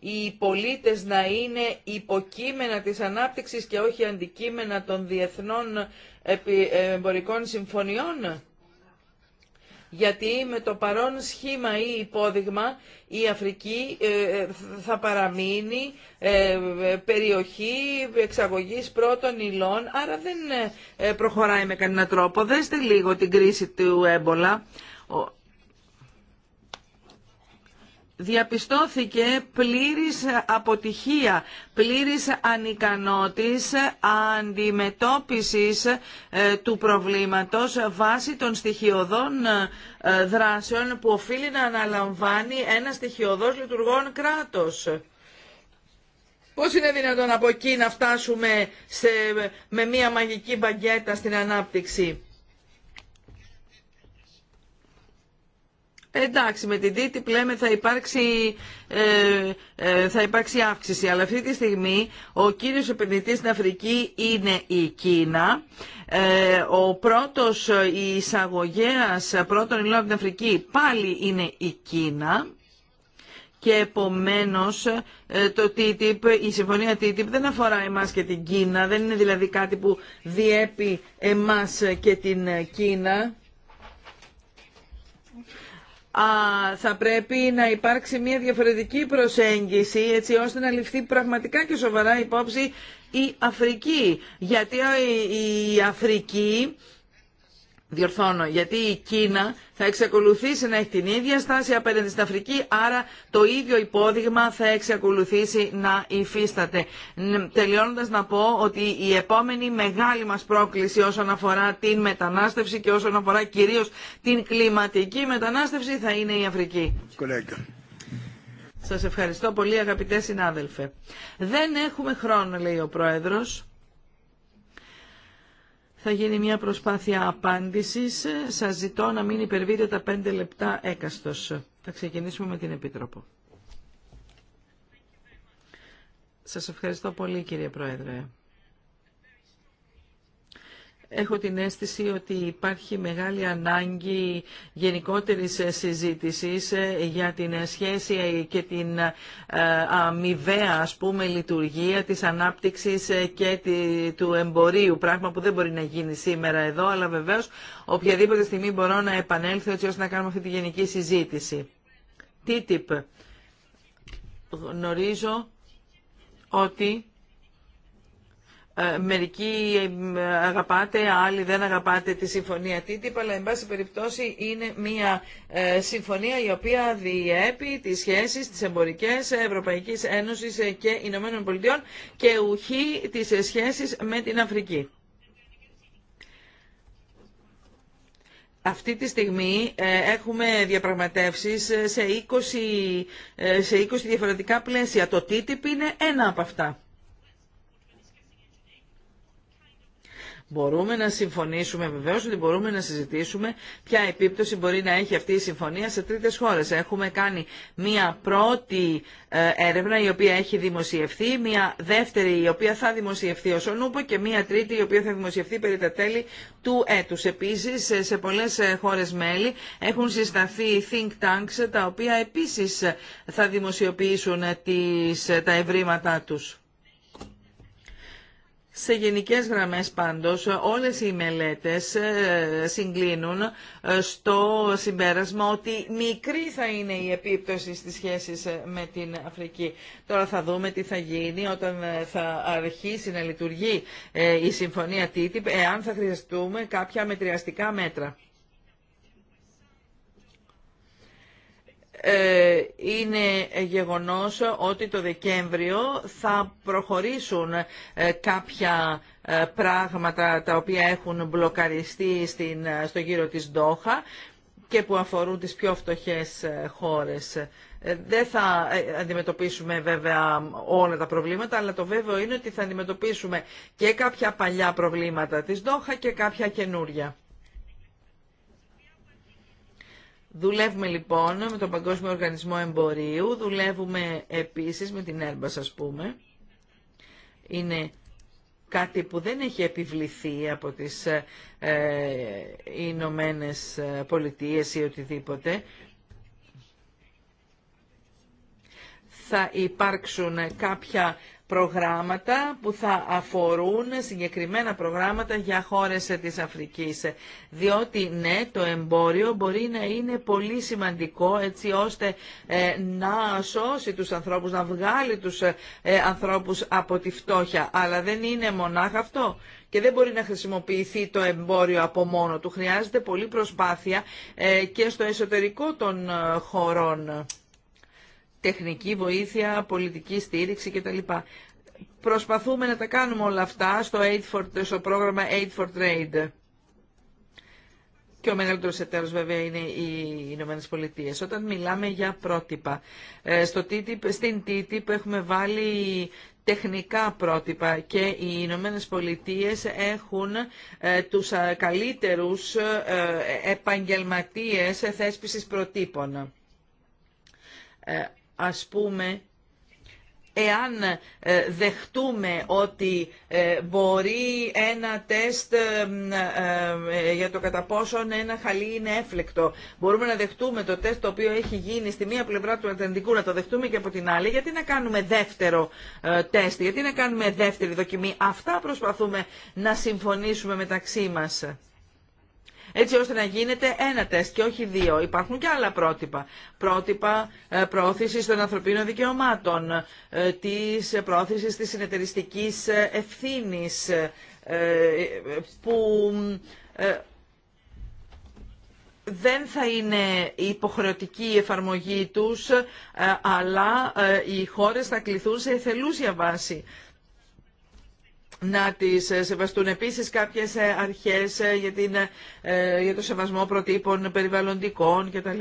οι πολίτες να είναι υποκείμενα της ανάπτυξης και όχι αντικείμενα των διεθνών εμπορικών συμφωνιών γιατί με το παρόν σχήμα ή υπόδειγμα η Αφρική ε, ε, θα παραμείνει ε, περιοχή εξαγωγής πρώτων υλών, άρα δεν προχωράει με κανένα τρόπο. Δέστε λίγο την κρίση του έμπολα διαπιστώθηκε πλήρης αποτυχία, πλήρης ανικανότης αντιμετώπισης ε, του προβλήματος βάσει των στοιχειωδών ε, ε, δράσεων που οφείλει να αναλαμβάνει ένα στοιχειωδός λειτουργών κράτος. Πώς είναι δυνατόν από εκεί να φτάσουμε με μία μαγική μπαγκέτα στην ανάπτυξη. Εντάξει, με την TTIP λέμε θα υπάρξει, ε, ε θα αύξηση, αλλά αυτή τη στιγμή ο κύριος επενδυτής στην Αφρική είναι η Κίνα. Ε, ο πρώτος ε, εισαγωγέας πρώτων υλών από την Αφρική πάλι είναι η Κίνα. Και επομένως το TTIP, η συμφωνία TTIP δεν αφορά εμάς και την Κίνα, δεν είναι δηλαδή κάτι που διέπει εμάς και την Κίνα θα πρέπει να υπάρξει μια διαφορετική προσέγγιση έτσι ώστε να ληφθεί πραγματικά και σοβαρά υπόψη η Αφρική. Γιατί η Αφρική διορθώνω, γιατί η Κίνα θα εξακολουθήσει να έχει την ίδια στάση απέναντι στην Αφρική, άρα το ίδιο υπόδειγμα θα εξακολουθήσει να υφίσταται. Τελειώνοντας να πω ότι η επόμενη μεγάλη μας πρόκληση όσον αφορά την μετανάστευση και όσον αφορά κυρίως την κλιματική μετανάστευση θα είναι η Αφρική. Κολέγκα. Σας ευχαριστώ πολύ αγαπητέ συνάδελφε. Δεν έχουμε χρόνο λέει ο Πρόεδρος θα γίνει μια προσπάθεια απάντησης. Σας ζητώ να μην υπερβείτε τα πέντε λεπτά έκαστος. Θα ξεκινήσουμε με την Επίτροπο. Σας ευχαριστώ πολύ κύριε Πρόεδρε. Έχω την αίσθηση ότι υπάρχει μεγάλη ανάγκη γενικότερης συζήτησης ε, για την σχέση ε, και την ε, αμοιβαία ας πούμε λειτουργία της ανάπτυξης και του εμπορίου, πράγμα που δεν μπορεί να γίνει σήμερα εδώ, αλλά βεβαίως οποιαδήποτε στιγμή μπορώ να επανέλθω έτσι ώστε να κάνουμε αυτή τη γενική συζήτηση. TTIP. Γνωρίζω ότι ε, μερικοί αγαπάτε, άλλοι δεν αγαπάτε τη συμφωνία TTIP, αλλά εν πάση περιπτώσει είναι μια ε, συμφωνία η οποία διέπει τις σχέσεις της εμπορικές Ευρωπαϊκής Ένωσης ε, και Ηνωμένων Πολιτειών και ουχή τις σχέσεις με την Αφρική. Αυτή τη στιγμή έχουμε διαπραγματεύσεις σε 20, σε 20 διαφορετικά πλαίσια. Το TTIP είναι ένα από αυτά. Μπορούμε να συμφωνήσουμε βεβαίω ότι μπορούμε να συζητήσουμε ποια επίπτωση μπορεί να έχει αυτή η συμφωνία σε τρίτε χώρε. Έχουμε κάνει μία πρώτη ε, έρευνα η οποία έχει δημοσιευθεί, μία δεύτερη η οποία θα δημοσιευθεί ω ονούπο και μία τρίτη η οποία θα δημοσιευθεί περί τα τέλη του έτου. Επίση, ε, σε πολλέ ε, χώρε μέλη έχουν συσταθεί think tanks τα οποία επίση θα δημοσιοποιήσουν τις, τα ευρήματά τους. Σε γενικές γραμμές πάντως όλες οι μελέτες ε, συγκλίνουν ε, στο συμπέρασμα ότι μικρή θα είναι η επίπτωση στις σχέσεις ε, με την Αφρική. Τώρα θα δούμε τι θα γίνει όταν θα αρχίσει να λειτουργεί η συμφωνία TTIP, εάν θα χρειαστούμε κάποια μετριαστικά μέτρα. Ε, είναι γεγονός ότι το Δεκέμβριο θα προχωρήσουν ε, κάποια ε, πράγματα τα οποία έχουν μπλοκαριστεί στην, στο γύρο της Ντόχα και που αφορούν τις πιο φτωχές χώρες. Δεν θα αντιμετωπίσουμε βέβαια όλα τα προβλήματα, αλλά το βέβαιο είναι ότι θα αντιμετωπίσουμε και κάποια παλιά προβλήματα της Ντόχα και κάποια καινούρια. Δουλεύουμε λοιπόν με τον Παγκόσμιο Οργανισμό Εμπορίου, δουλεύουμε επίσης με την έρμπα ας πούμε. Είναι κάτι που δεν έχει επιβληθεί από τις ε, Ηνωμένε Πολιτείες ή οτιδήποτε. Θα υπάρξουν κάποια προγράμματα που θα αφορούν συγκεκριμένα προγράμματα για χώρες της Αφρικής. Διότι ναι, το εμπόριο μπορεί να είναι πολύ σημαντικό έτσι ώστε ε, να σώσει τους ανθρώπους, να βγάλει τους ε, ε, ανθρώπους από τη φτώχεια. Αλλά δεν είναι μονάχα αυτό και δεν μπορεί να χρησιμοποιηθεί το εμπόριο από μόνο του. Χρειάζεται πολλή προσπάθεια ε, και στο εσωτερικό των χωρών τεχνική βοήθεια, πολιτική στήριξη κτλ. Προσπαθούμε να τα κάνουμε όλα αυτά στο, Aid for, στο πρόγραμμα Aid for Trade. Και ο μεγαλύτερο εταίρος βέβαια είναι οι Ηνωμένε Πολιτείε. Όταν μιλάμε για πρότυπα, ε, στο TTIP, στην TTIP έχουμε βάλει τεχνικά πρότυπα και οι Ηνωμένε Πολιτείε έχουν ε, τους ε, καλύτερους ε, επαγγελματίες θέσπισης προτύπων. Ας πούμε, εάν ε, δεχτούμε ότι ε, μπορεί ένα τεστ ε, για το κατά πόσον ένα χαλί είναι έφλεκτο, μπορούμε να δεχτούμε το τεστ το οποίο έχει γίνει στη μία πλευρά του Ατλαντικού, να το δεχτούμε και από την άλλη, γιατί να κάνουμε δεύτερο τεστ, γιατί να κάνουμε δεύτερη δοκιμή. Αυτά προσπαθούμε να συμφωνήσουμε μεταξύ μας έτσι ώστε να γίνεται ένα τεστ και όχι δύο. Υπάρχουν και άλλα πρότυπα. Πρότυπα ε, πρόθεση των ανθρωπίνων δικαιωμάτων, ε, της προώθησης της συνεταιριστικής ε, ευθύνης, που δεν θα είναι υποχρεωτική η εφαρμογή τους, αλλά οι χώρες θα κληθούν σε εθελούσια βάση να τις ε, σεβαστούν επίσης κάποιες ε, αρχές ε, για, την, για το σεβασμό προτύπων περιβαλλοντικών κτλ.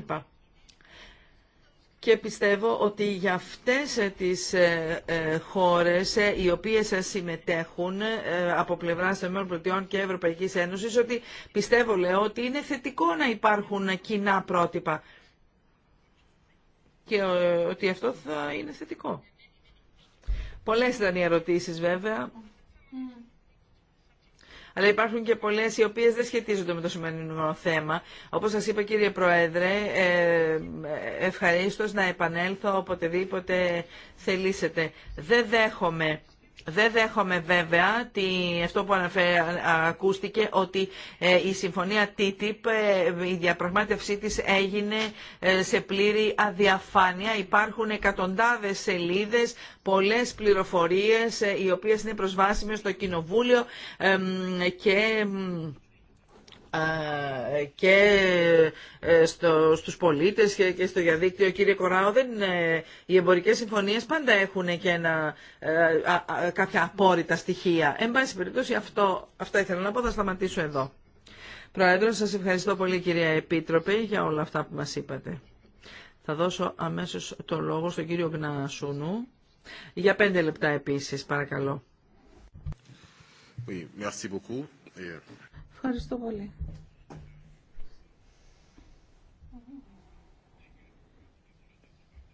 Και πιστεύω ότι για αυτές τις χώρες οι οποίες συμμετέχουν από πλευράς των ΗΠΑ και Ευρωπαϊκής Ένωσης, ότι πιστεύω λέω ότι είναι θετικό να υπάρχουν κοινά πρότυπα και ότι αυτό θα είναι θετικό. Πολλές ήταν οι ερωτήσεις βέβαια. Mm. Αλλά υπάρχουν και πολλέ οι οποίε δεν σχετίζονται με το σημερινό θέμα. Όπω σα είπα, κύριε Πρόεδρε, ε, ευχαρίστω να επανέλθω οποτεδήποτε θελήσετε. Δεν δέχομαι δεν δέχομαι βέβαια τι αυτό που ακούστηκε ότι ε, η συμφωνία TTIP, ε, η διαπραγμάτευσή της έγινε ε, σε πλήρη αδιαφάνεια. Υπάρχουν εκατοντάδες σελίδες, πολλές πληροφορίες οι οποίες είναι προσβάσιμες στο Κοινοβούλιο και και ε, στο, στους πολίτες και στο διαδίκτυο. Κύριε Κοράο, δεν, ε, οι εμπορικές συμφωνίες πάντα έχουν και ε, κάποια απόρριτα στοιχεία. Εν πάση περιπτώσει, αυτό, αυτά ήθελα να πω, θα σταματήσω εδώ. Πρόεδρο, σας ευχαριστώ πολύ κυρία Επίτροπε για όλα αυτά που μας είπατε. Θα δώσω αμέσως το λόγο στον κύριο Γνάσουνου. Για πέντε λεπτά επίσης, παρακαλώ. Oui, merci beaucoup. Ευχαριστώ πολύ.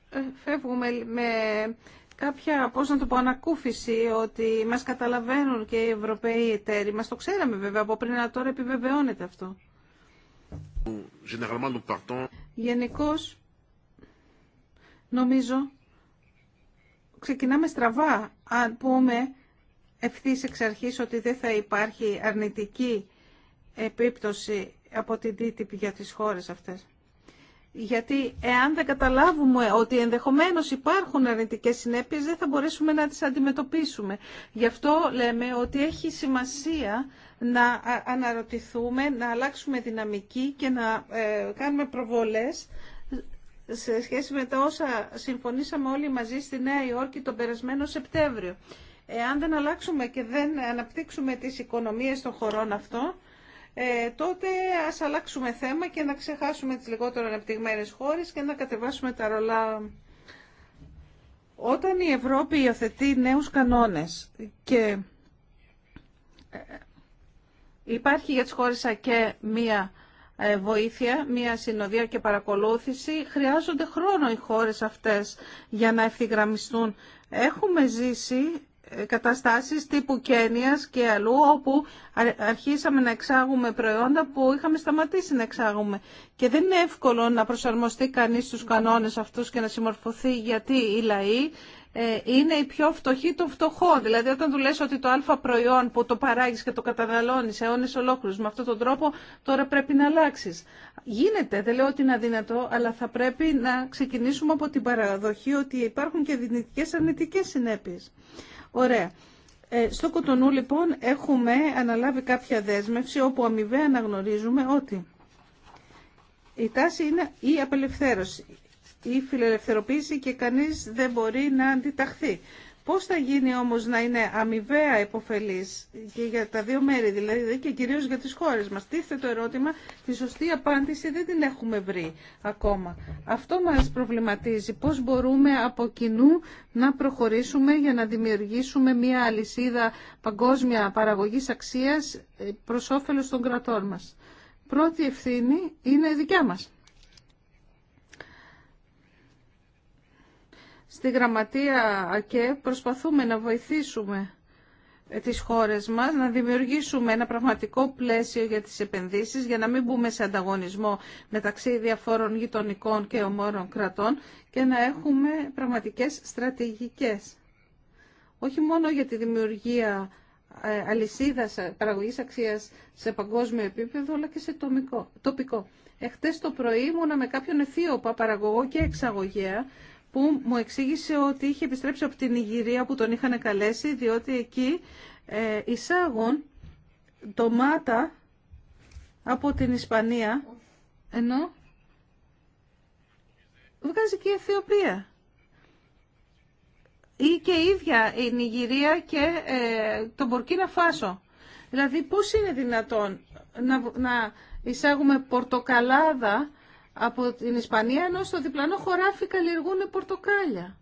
Ε, φεύγουμε με κάποια, πώς να το πω, ανακούφιση ότι μας καταλαβαίνουν και οι Ευρωπαίοι εταίροι. Μας το ξέραμε βέβαια από πριν, αλλά τώρα επιβεβαιώνεται αυτό. Γενικώ, νομίζω, ξεκινάμε στραβά αν πούμε ευθύ εξ ότι δεν θα υπάρχει αρνητική επίπτωση από την TTIP για τις χώρες αυτές. Γιατί εάν δεν καταλάβουμε ότι ενδεχομένως υπάρχουν αρνητικές συνέπειες, δεν θα μπορέσουμε να τις αντιμετωπίσουμε. Γι' αυτό λέμε ότι έχει σημασία να αναρωτηθούμε, να αλλάξουμε δυναμική και να ε, κάνουμε προβολές σε σχέση με τα όσα συμφωνήσαμε όλοι μαζί στη Νέα Υόρκη τον περασμένο Σεπτέμβριο. Εάν δεν αλλάξουμε και δεν αναπτύξουμε τις οικονομίες των χωρών αυτών, ε, τότε ας αλλάξουμε θέμα και να ξεχάσουμε τις λιγότερο αναπτυγμένες χώρες και να κατεβάσουμε τα ρολά. Όταν η Ευρώπη υιοθετεί νέους κανόνες και ε, υπάρχει για τις χώρες ΑΚΕ μία ε, βοήθεια, μία συνοδεία και παρακολούθηση. Χρειάζονται χρόνο οι χώρες αυτές για να ευθυγραμμιστούν. Έχουμε ζήσει καταστάσεις τύπου Κένιας και αλλού όπου αρχίσαμε να εξάγουμε προϊόντα που είχαμε σταματήσει να εξάγουμε. Και δεν είναι εύκολο να προσαρμοστεί κανείς στους κανόνες αυτούς και να συμμορφωθεί γιατί οι λαοί ε, είναι οι πιο φτωχοί των φτωχών. Δηλαδή όταν του λες ότι το άλφα προϊόν που το παράγεις και το καταναλώνεις αιώνες ολόκληρους με αυτόν τον τρόπο τώρα πρέπει να αλλάξεις. Γίνεται, δεν λέω ότι είναι αδύνατο, αλλά θα πρέπει να ξεκινήσουμε από την παραδοχή ότι υπάρχουν και δυνητικές αρνητικές συνέπειες. Ωραία. Ε, στο Κοτονού λοιπόν έχουμε αναλάβει κάποια δέσμευση όπου αμοιβαία αναγνωρίζουμε ότι η τάση είναι η απελευθέρωση, η φιλελευθεροποίηση και κανείς δεν μπορεί να αντιταχθεί. Πώς θα γίνει όμως να είναι αμοιβαία υποφελής και για τα δύο μέρη, δηλαδή και κυρίως για τις χώρες μας. Τίθε το ερώτημα, τη σωστή απάντηση δεν την έχουμε βρει ακόμα. Αυτό μας προβληματίζει. Πώς μπορούμε από κοινού να προχωρήσουμε για να δημιουργήσουμε μια αλυσίδα παγκόσμια παραγωγής αξίας προς όφελος των κρατών μας. Πρώτη ευθύνη είναι δικιά μας. Στη γραμματεία ΑΚΕ προσπαθούμε να βοηθήσουμε ε, τις χώρες μας, να δημιουργήσουμε ένα πραγματικό πλαίσιο για τις επενδύσεις, για να μην μπούμε σε ανταγωνισμό μεταξύ διαφόρων γειτονικών και ομόρων κρατών και να έχουμε πραγματικές στρατηγικές. Όχι μόνο για τη δημιουργία ε, αλυσίδας ε, παραγωγής αξίας σε παγκόσμιο επίπεδο, αλλά και σε τοπικό. Εχθές το πρωί ήμουνα με κάποιον αιθίωπα παραγωγό και εξαγωγέα, που μου εξήγησε ότι είχε επιστρέψει από την Ιγυρία που τον είχαν καλέσει διότι εκεί ε, εισάγουν ντομάτα από την Ισπανία ενώ βγάζει και η Αιθιοπία ή και η ίδια η Νιγηρία και ε, το Μπορκίνα Φάσο. Δηλαδή πώς είναι δυνατόν να, να εισάγουμε πορτοκαλάδα από την Ισπανία, ενώ στο διπλανό χωράφι καλλιεργούν πορτοκάλια.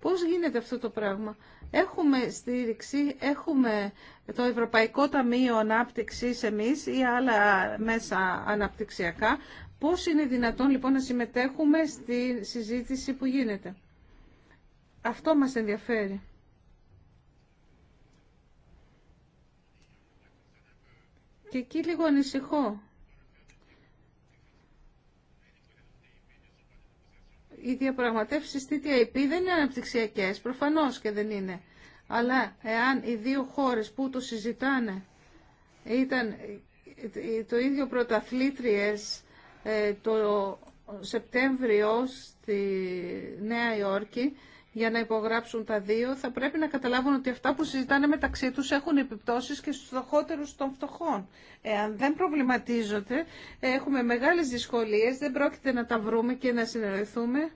Πώς γίνεται αυτό το πράγμα. Έχουμε στήριξη, έχουμε το Ευρωπαϊκό Ταμείο Ανάπτυξης εμείς ή άλλα μέσα αναπτυξιακά. Πώς είναι δυνατόν λοιπόν να συμμετέχουμε στη συζήτηση που γίνεται. Αυτό μας ενδιαφέρει. Και εκεί λίγο ανησυχώ οι διαπραγματεύσει TTIP δεν είναι αναπτυξιακέ, προφανώ και δεν είναι. Αλλά εάν οι δύο χώρε που το συζητάνε ήταν το ίδιο πρωταθλήτριε ε, το Σεπτέμβριο στη Νέα Υόρκη, για να υπογράψουν τα δύο, θα πρέπει να καταλάβουν ότι αυτά που συζητάνε μεταξύ τους έχουν επιπτώσεις και στους φτωχότερους των φτωχών. Εάν δεν προβληματίζονται, έχουμε μεγάλες δυσκολίες, δεν πρόκειται να τα βρούμε και να συνεργαστούμε.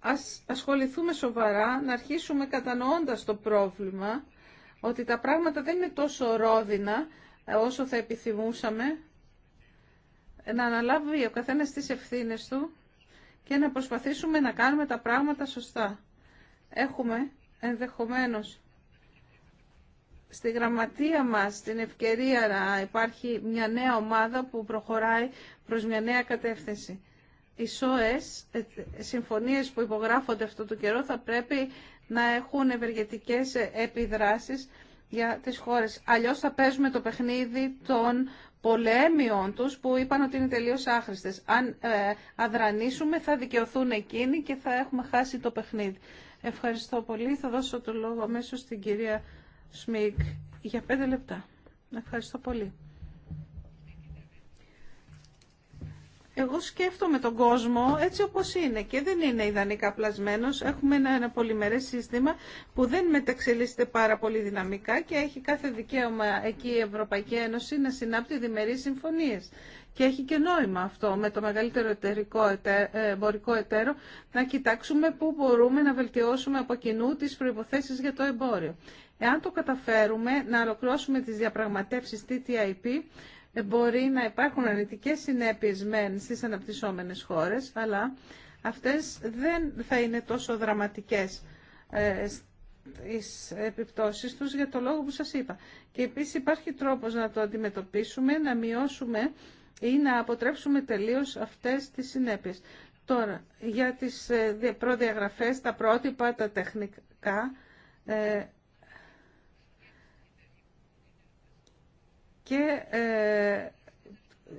Ας ασχοληθούμε σοβαρά, να αρχίσουμε κατανοώντας το πρόβλημα, ότι τα πράγματα δεν είναι τόσο ρόδινα ε, όσο θα επιθυμούσαμε, να αναλάβει ο καθένας τις ευθύνες του και να προσπαθήσουμε να κάνουμε τα πράγματα σωστά. Έχουμε ενδεχομένως στη γραμματεία μας την ευκαιρία να υπάρχει μια νέα ομάδα που προχωράει προς μια νέα κατεύθυνση. Οι ΣΟΕΣ, ε, ε, συμφωνίες που υπογράφονται αυτό το καιρό, θα πρέπει να έχουν ευεργετικές επιδράσεις για τις χώρες. Αλλιώς θα παίζουμε το παιχνίδι των πολέμιων τους που είπαν ότι είναι τελείως άχρηστες. Αν ε, αδρανίσουμε θα δικαιωθούν εκείνοι και θα έχουμε χάσει το παιχνίδι. Ευχαριστώ πολύ. Θα δώσω το λόγο αμέσως στην κυρία Σμίκ για πέντε λεπτά. Ευχαριστώ πολύ. Εγώ σκέφτομαι τον κόσμο έτσι όπως είναι και δεν είναι ιδανικά πλασμένος. Έχουμε ένα, ένα πολυμερές σύστημα που δεν μεταξελίσσεται πάρα πολύ δυναμικά και έχει κάθε δικαίωμα εκεί η Ευρωπαϊκή Ένωση να συνάπτει διμερείς συμφωνίες. Και έχει και νόημα αυτό με το μεγαλύτερο εταιρικό, ε, εμπορικό εταίρο να κοιτάξουμε πού μπορούμε να βελτιώσουμε από κοινού τις προϋποθέσεις για το εμπόριο. Εάν το καταφέρουμε να ολοκληρώσουμε τις διαπραγματεύσεις TTIP, μπορεί να υπάρχουν αρνητικές συνέπειες μεν στις αναπτυσσόμενες χώρες, αλλά αυτές δεν θα είναι τόσο δραματικές ε, τις επιπτώσεις τους για το λόγο που σας είπα. Και επίσης υπάρχει τρόπος να το αντιμετωπίσουμε, να μειώσουμε ή να αποτρέψουμε τελείως αυτές τις συνέπειες. Τώρα, για τις ε, προδιαγραφές, τα πρότυπα, τα τεχνικά, ε, και ε,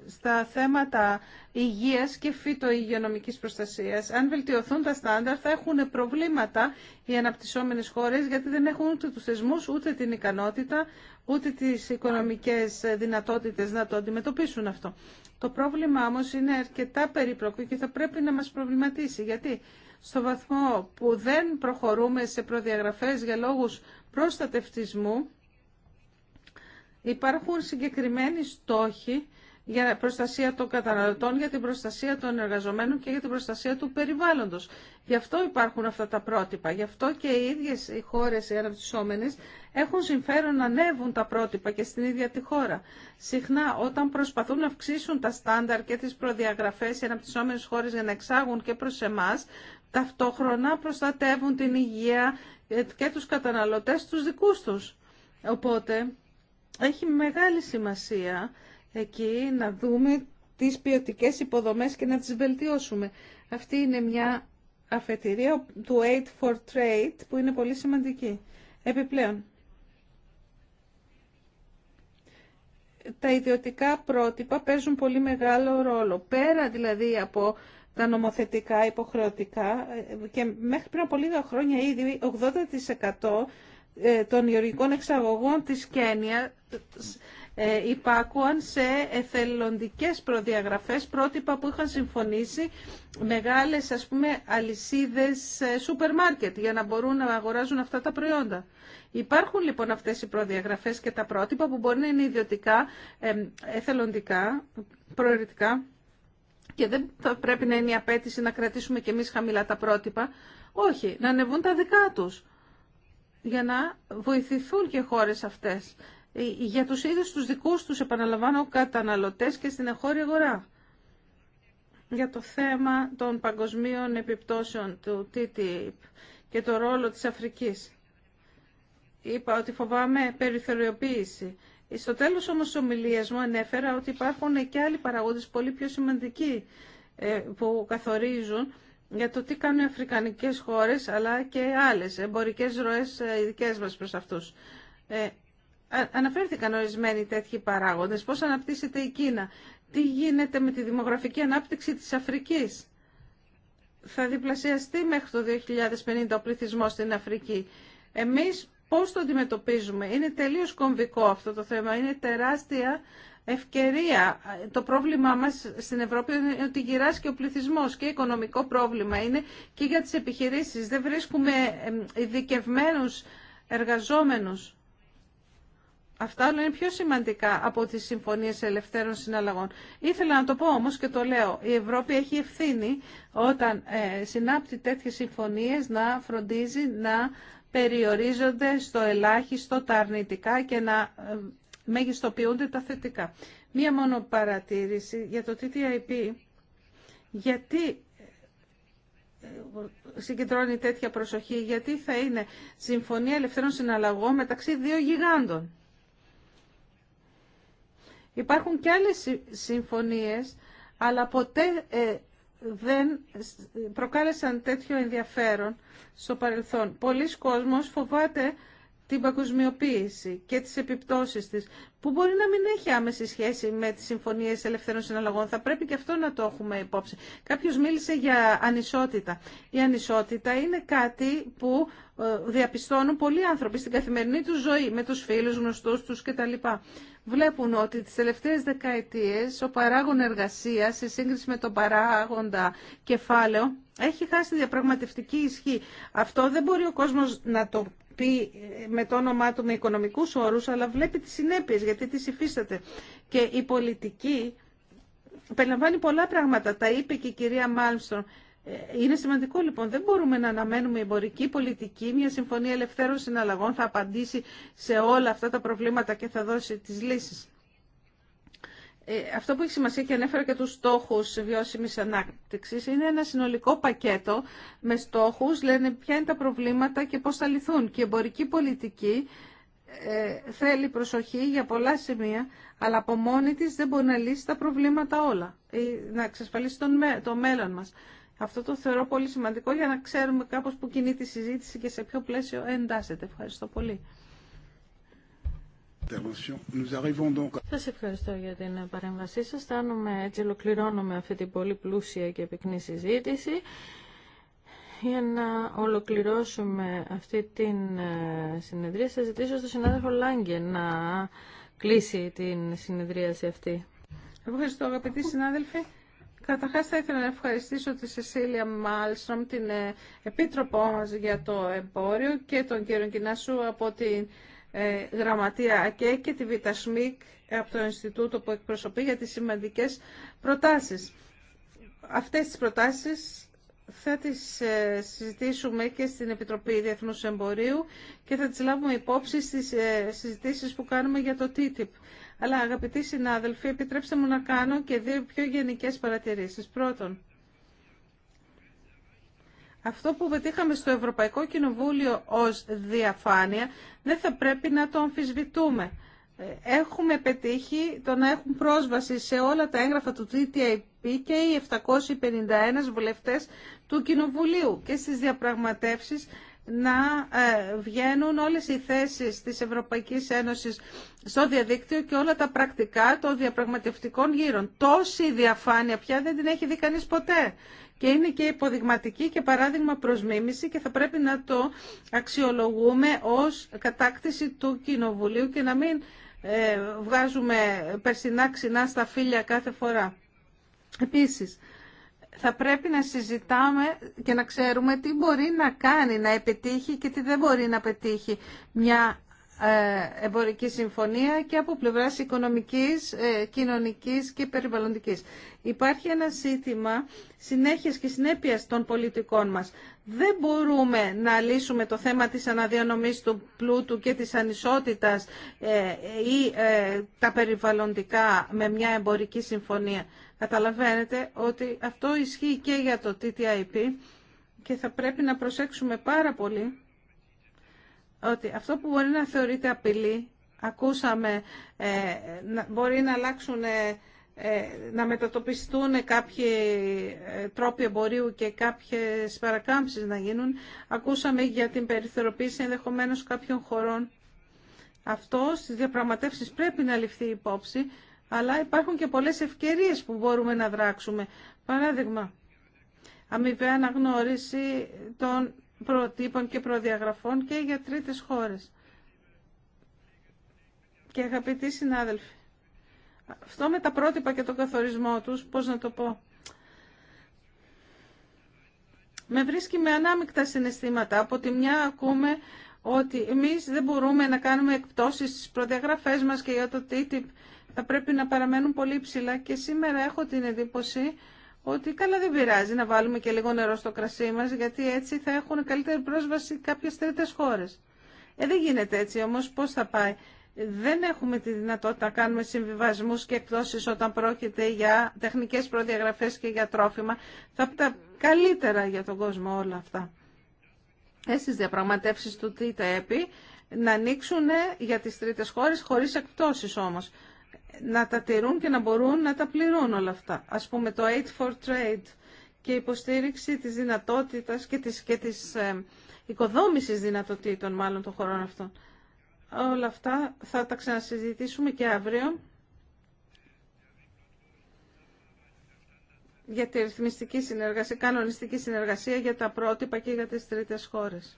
στα θέματα υγείας και φυτοϊγειονομικής προστασίας. Αν βελτιωθούν τα στάνταρ θα έχουν προβλήματα οι αναπτυσσόμενες χώρες γιατί δεν έχουν ούτε τους θεσμούς, ούτε την ικανότητα, ούτε τις οικονομικές δυνατότητες να το αντιμετωπίσουν αυτό. Το πρόβλημα όμως είναι αρκετά περίπλοκο και θα πρέπει να μας προβληματίσει γιατί στο βαθμό που δεν προχωρούμε σε προδιαγραφές για λόγους προστατευτισμού Υπάρχουν συγκεκριμένοι στόχοι για προστασία των καταναλωτών, για την προστασία των εργαζομένων και για την προστασία του περιβάλλοντος. Γι' αυτό υπάρχουν αυτά τα πρότυπα. Γι' αυτό και οι ίδιες οι χώρες οι αναπτυσσόμενες έχουν συμφέρον να ανέβουν τα πρότυπα και στην ίδια τη χώρα. Συχνά όταν προσπαθούν να αυξήσουν τα στάνταρ και τις προδιαγραφές οι αναπτυσσόμενες χώρες για να εξάγουν και προς εμάς, ταυτόχρονα προστατεύουν την υγεία και τους καταναλωτές τους δικούς τους. Οπότε έχει μεγάλη σημασία εκεί να δούμε τις ποιοτικέ υποδομές και να τις βελτιώσουμε. Αυτή είναι μια αφετηρία του Aid for Trade που είναι πολύ σημαντική. Επιπλέον, τα ιδιωτικά πρότυπα παίζουν πολύ μεγάλο ρόλο. Πέρα δηλαδή από τα νομοθετικά υποχρεωτικά και μέχρι πριν από λίγα χρόνια ήδη 80% ε, των γεωργικών εξαγωγών της Κένια ε, υπάκουαν σε εθελοντικές προδιαγραφές, πρότυπα που είχαν συμφωνήσει μεγάλες ας πούμε αλυσίδες ε, σούπερ μάρκετ για να μπορούν να αγοράζουν αυτά τα προϊόντα. Υπάρχουν λοιπόν αυτές οι προδιαγραφές και τα πρότυπα που μπορεί να είναι ιδιωτικά, εθελοντικά, προαιρετικά και δεν θα πρέπει να είναι η απέτηση να κρατήσουμε και εμείς χαμηλά τα πρότυπα. Όχι, να ανεβούν τα δικά τους για να βοηθηθούν και χώρες αυτές ε, για τους ίδιους τους δικούς τους, επαναλαμβάνω, καταναλωτές και στην εχώρη αγορά. Για το θέμα των παγκοσμίων επιπτώσεων του TTIP και το ρόλο της Αφρικής. Είπα ότι φοβάμαι περιθωριοποίηση. Στο τέλος όμως της ομιλίας μου ανέφερα ότι υπάρχουν και άλλοι παραγόντες πολύ πιο σημαντικοί ε, που καθορίζουν για το τι κάνουν οι αφρικανικές χώρες αλλά και άλλες εμπορικές ροές ε, ειδικέ μας προς αυτούς. Ε, αναφέρθηκαν ορισμένοι τέτοιοι παράγοντες. Πώς αναπτύσσεται η Κίνα. Τι γίνεται με τη δημογραφική ανάπτυξη της Αφρικής. Θα διπλασιαστεί μέχρι το 2050 ο πληθυσμός στην Αφρική. Εμείς πώς το αντιμετωπίζουμε. Είναι τελείως κομβικό αυτό το θέμα. Είναι τεράστια ευκαιρία. Το πρόβλημά μας στην Ευρώπη είναι ότι γυράσκει και ο πληθυσμός και οικονομικό πρόβλημα είναι και για τις επιχειρήσεις. Δεν βρίσκουμε ειδικευμένου εργαζόμενους. Αυτά όλα είναι πιο σημαντικά από τις συμφωνίες ελευθέρων συναλλαγών. Ήθελα να το πω όμως και το λέω. Η Ευρώπη έχει ευθύνη όταν ε, συνάπτει τέτοιες συμφωνίες να φροντίζει να περιορίζονται στο ελάχιστο τα αρνητικά και να ε, μεγιστοποιούνται τα θετικά. Μία μόνο παρατήρηση για το TTIP. Γιατί ε, συγκεντρώνει τέτοια προσοχή, γιατί θα είναι συμφωνία ελευθερών συναλλαγών μεταξύ δύο γιγάντων. Υπάρχουν και άλλες συμφωνίες, αλλά ποτέ ε, δεν προκάλεσαν τέτοιο ενδιαφέρον στο παρελθόν. Πολλοί κόσμος φοβάται την παγκοσμιοποίηση και τις επιπτώσεις της, που μπορεί να μην έχει άμεση σχέση με τις συμφωνίες ελευθερών συναλλαγών. Θα πρέπει και αυτό να το έχουμε υπόψη. Κάποιος μίλησε για ανισότητα. Η ανισότητα είναι κάτι που ε, διαπιστώνουν πολλοί άνθρωποι στην καθημερινή τους ζωή, με τους φίλους, γνωστούς τους κτλ. Βλέπουν ότι τις τελευταίες δεκαετίες ο παράγων εργασίας σε σύγκριση με τον παράγοντα κεφάλαιο έχει χάσει διαπραγματευτική ισχύ. Αυτό δεν μπορεί ο κόσμος να το πει ε, με το όνομά του με οικονομικούς όρους, αλλά βλέπει τις συνέπειες γιατί τις υφίσταται. Και η πολιτική περιλαμβάνει πολλά πράγματα. Τα είπε και η κυρία Μάλμστον. Ε, είναι σημαντικό λοιπόν, δεν μπορούμε να αναμένουμε εμπορική πολιτική, μια συμφωνία ελευθέρων συναλλαγών θα απαντήσει σε όλα αυτά τα προβλήματα και θα δώσει τις λύσεις. Ε, αυτό που έχει σημασία και ανέφερα και τους στόχους βιώσιμης ανάπτυξης είναι ένα συνολικό πακέτο με στόχους, λένε ποια είναι τα προβλήματα και πώς θα λυθούν. Και η εμπορική πολιτική ε, θέλει προσοχή για πολλά σημεία, αλλά από μόνη της δεν μπορεί να λύσει τα προβλήματα όλα, ή να εξασφαλίσει τον, το μέλλον μας. Αυτό το θεωρώ πολύ σημαντικό για να ξέρουμε κάπως που κινεί τη συζήτηση και σε ποιο πλαίσιο εντάσσεται. Ευχαριστώ πολύ. Σα ευχαριστώ για την παρέμβασή σα Στάνουμε, έτσι ολοκληρώνουμε αυτή την πολύ πλούσια και πυκνή συζήτηση. Για να ολοκληρώσουμε αυτή την ε, συνεδρία, θα ζητήσω στον συνάδελφο Λάγκε να κλείσει την συνεδρία σε αυτή. Ευχαριστώ αγαπητοί συνάδελφοι. Καταρχά θα ήθελα να ευχαριστήσω τη Σεσίλια Μάλστρομ, την ε, Επίτροπό μα για το εμπόριο και τον κύριο Κινάσου από την ε, γραμματεία ΑΚΕ και τη Β' ΣΜΙΚ από το Ινστιτούτο που εκπροσωπεί για τις σημαντικές προτάσεις. Αυτές τις προτάσεις θα τις ε, συζητήσουμε και στην Επιτροπή Διεθνούς Εμπορίου και θα τις λάβουμε υπόψη στις ε, συζητήσεις που κάνουμε για το TTIP. Αλλά αγαπητοί συνάδελφοι, επιτρέψτε μου να κάνω και δύο πιο γενικές παρατηρήσεις. Πρώτον, αυτό που πετύχαμε στο Ευρωπαϊκό Κοινοβούλιο ως διαφάνεια δεν θα πρέπει να το αμφισβητούμε. Έχουμε πετύχει το να έχουν πρόσβαση σε όλα τα έγγραφα του TTIP και οι 751 βουλευτές του Κοινοβουλίου και στις διαπραγματεύσεις να ε, βγαίνουν όλες οι θέσεις της Ευρωπαϊκής Ένωσης στο διαδίκτυο και όλα τα πρακτικά των διαπραγματευτικών γύρων. Τόση διαφάνεια πια δεν την έχει δει κανείς ποτέ και είναι και υποδειγματική και παράδειγμα προς μίμηση και θα πρέπει να το αξιολογούμε ως κατάκτηση του Κοινοβουλίου και να μην ε, βγάζουμε περσινά ξινά στα φίλια κάθε φορά. Επίσης, θα πρέπει να συζητάμε και να ξέρουμε τι μπορεί να κάνει, να επιτύχει και τι δεν μπορεί να πετύχει μια ε, εμπορική συμφωνία και από πλευράς οικονομικής, ε, κοινωνικής και περιβαλλοντικής. Υπάρχει ένα ζήτημα συνέχειας και συνέπειας των πολιτικών μας. Δεν μπορούμε να λύσουμε το θέμα της αναδιανομής του πλούτου και της ανισότητας ε, ή τα περιβαλλοντικά με μια εμπορική συμφωνία. Καταλαβαίνετε ότι αυτό ισχύει και για το TTIP και θα πρέπει να προσέξουμε πάρα πολύ ότι αυτό που μπορεί να θεωρείται απειλή, ακούσαμε, ε, μπορεί να αλλάξουν, ε, ε, να μετατοπιστούν κάποιοι τρόποι εμπορίου και κάποιες παρακάμψεις να γίνουν. Ακούσαμε για την περιθωροποίηση ενδεχομένως κάποιων χωρών. Αυτό στις διαπραγματεύσεις πρέπει να ληφθεί υπόψη, αλλά υπάρχουν και πολλές ευκαιρίες που μπορούμε να δράξουμε. Παράδειγμα, αμοιβαία αναγνώριση των προτύπων και προδιαγραφών και για τρίτες χώρες. Και αγαπητοί συνάδελφοι, αυτό με τα πρότυπα και τον καθορισμό τους, πώς να το πω, με βρίσκει με ανάμεικτα συναισθήματα. Από τη μια ακούμε ότι εμείς δεν μπορούμε να κάνουμε εκπτώσεις στις προδιαγραφές μας και για το TTIP θα πρέπει να παραμένουν πολύ ψηλά και σήμερα έχω την εντύπωση ότι καλά δεν πειράζει να βάλουμε και λίγο νερό στο κρασί μας γιατί έτσι θα έχουν καλύτερη πρόσβαση κάποιες τρίτες χώρες. Ε, δεν γίνεται έτσι όμως πώς θα πάει. Δεν έχουμε τη δυνατότητα να κάνουμε συμβιβασμούς και εκδόσεις όταν πρόκειται για τεχνικές προδιαγραφές και για τρόφιμα. Θα τα καλύτερα για τον κόσμο όλα αυτά. Ε, στις διαπραγματεύσεις του ΤΙΤΕΠΗ e να ανοίξουν για τις τρίτες χώρες χωρίς εκπτώσεις όμως να τα τηρούν και να μπορούν να τα πληρούν όλα αυτά. Ας πούμε το Aid for Trade και υποστήριξη της δυνατότητας και της, και της ε, οικοδόμησης δυνατοτήτων μάλλον των χωρών αυτών. Όλα αυτά θα τα ξανασυζητήσουμε και αύριο για τη ρυθμιστική συνεργασία, κανονιστική συνεργασία για τα πρότυπα και για τις τρίτες χώρες.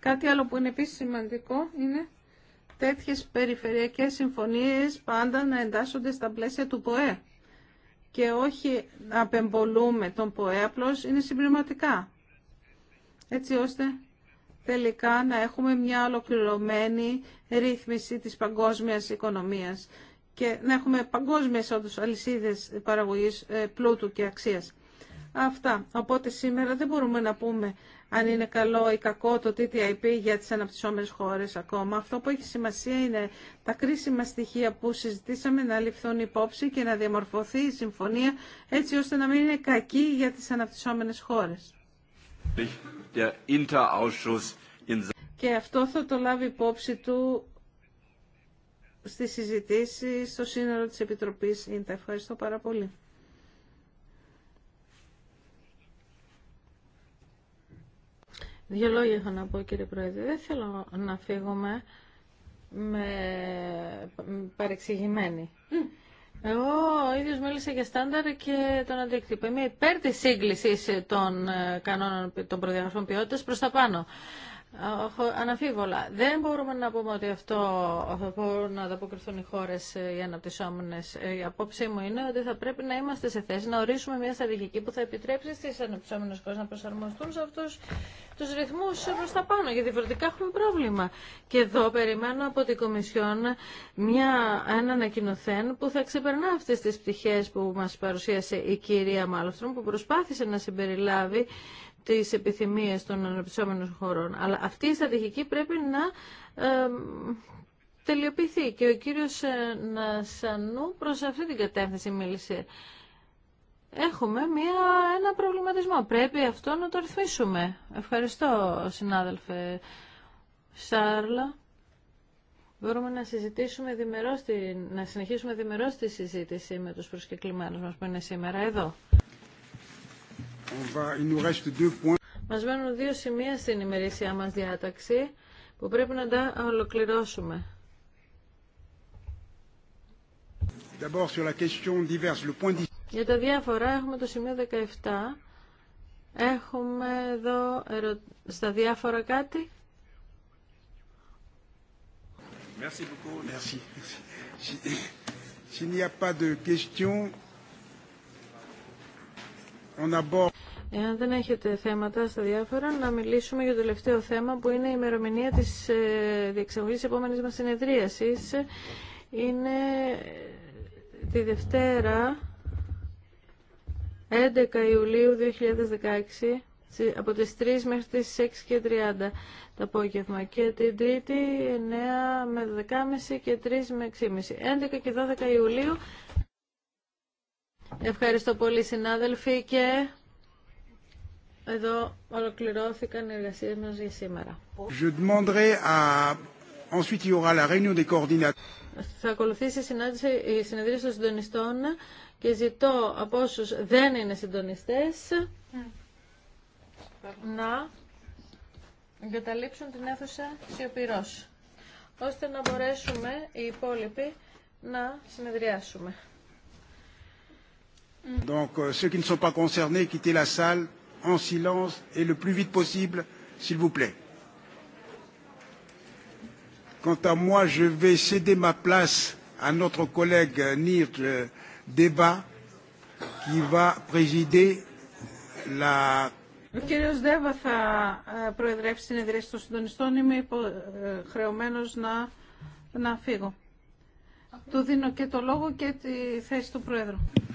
Κάτι άλλο που είναι επίσης σημαντικό είναι τέτοιες περιφερειακές συμφωνίες πάντα να εντάσσονται στα πλαίσια του ΠΟΕ και όχι να απεμπολούμε τον ΠΟΕ, απλώς είναι συμπληρωματικά. Έτσι ώστε τελικά να έχουμε μια ολοκληρωμένη ρύθμιση της παγκόσμιας οικονομίας και να έχουμε παγκόσμιες όντως αλυσίδες παραγωγής ε, πλούτου και αξίας. Αυτά. Οπότε σήμερα δεν μπορούμε να πούμε αν είναι καλό ή κακό το TTIP για τις αναπτυσσόμενες χώρες ακόμα. Αυτό που έχει σημασία είναι τα κρίσιμα στοιχεία που συζητήσαμε να ληφθούν υπόψη και να διαμορφωθεί η συμφωνία έτσι ώστε να μην είναι κακή για τις αναπτυσσόμενες χώρες. Και αυτό θα το λάβει υπόψη του στη συζητήση στο σύνολο της Επιτροπής ΙΝΤΑ. Ευχαριστώ πάρα πολύ. Δύο λόγια έχω να πω κύριε Πρόεδρε. Δεν θέλω να φύγουμε με παρεξηγημένοι. Εγώ ο ίδιος μίλησα για στάνταρ και τον αντίκτυπο. Είμαι υπέρ της σύγκλησης των ε, κανόνων των προδιαγραφών ποιότητας προς τα πάνω. Αναφίβολα. Δεν μπορούμε να πούμε ότι αυτό θα μπορούν να ανταποκριθούν οι χώρε ε, οι αναπτυσσόμενε. Ε, η απόψη μου είναι ότι θα πρέπει να είμαστε σε θέση να ορίσουμε μια στρατηγική που θα επιτρέψει στι αναπτυσσόμενε χώρε να προσαρμοστούν σε αυτού του ρυθμού προ τα πάνω. Γιατί διαφορετικά έχουμε πρόβλημα. Και εδώ περιμένω από την Κομισιόν μια, ένα ανακοινοθέν που θα ξεπερνά αυτέ τι πτυχέ που μα παρουσίασε η κυρία Μάλστρομ, που προσπάθησε να συμπεριλάβει τις επιθυμίες των αναπτυσσόμενων χωρών. Αλλά αυτή η στρατηγική πρέπει να ε, τελειοποιηθεί. Και ο κύριος ε, Νασανού προς αυτή την κατεύθυνση μίλησε. Έχουμε μία, ένα προβληματισμό. Πρέπει αυτό να το ρυθμίσουμε. Ευχαριστώ, συνάδελφε Σάρλα. Μπορούμε να συζητήσουμε να συνεχίσουμε διμερώς τη συζήτηση με τους προσκεκλημένους μας που είναι σήμερα εδώ. Μας μένουν δύο σημεία στην ημερήσια μας διάταξη που πρέπει να τα ολοκληρώσουμε. Για τα διάφορα έχουμε το σημείο 17. Έχουμε εδώ ερω... στα διάφορα κάτι. Merci beaucoup. Merci. S'il n'y a pas de questions, Εάν δεν έχετε θέματα στα διάφορα, να μιλήσουμε για το τελευταίο θέμα που είναι η ημερομηνία της ε, διεξαγωγής επόμενης μας συνεδρίασης. Είναι ε, τη Δευτέρα 11 Ιουλίου 2016 από τις 3 μέχρι τις 6 και 30 το απόγευμα και την Τρίτη 9 με 12.30 και 3 με 6.30 11 και 12 Ιουλίου Ευχαριστώ πολύ συνάδελφοι και εδώ ολοκληρώθηκαν οι εργασίες μας για σήμερα. Θα ακολουθήσει η, συνάντηση, η συνεδρίαση των συντονιστών και ζητώ από όσου δεν είναι συντονιστές να εγκαταλείψουν την αίθουσα σιωπηρό, ώστε να μπορέσουμε οι υπόλοιποι να συνεδριάσουμε. Donc, euh, ceux qui ne sont pas concernés, quittez la salle en silence et le plus vite possible, s'il vous plaît. Quant à moi, je vais céder ma place à notre collègue Nir Deba, qui va présider la. Ο κύριος Δέβα θα προεδρεύσει συνεδρίαση των συντονιστών. Είμαι υποχρεωμένος να, να φύγω. Του δίνω και το λόγο και τη θέση του Πρόεδρου.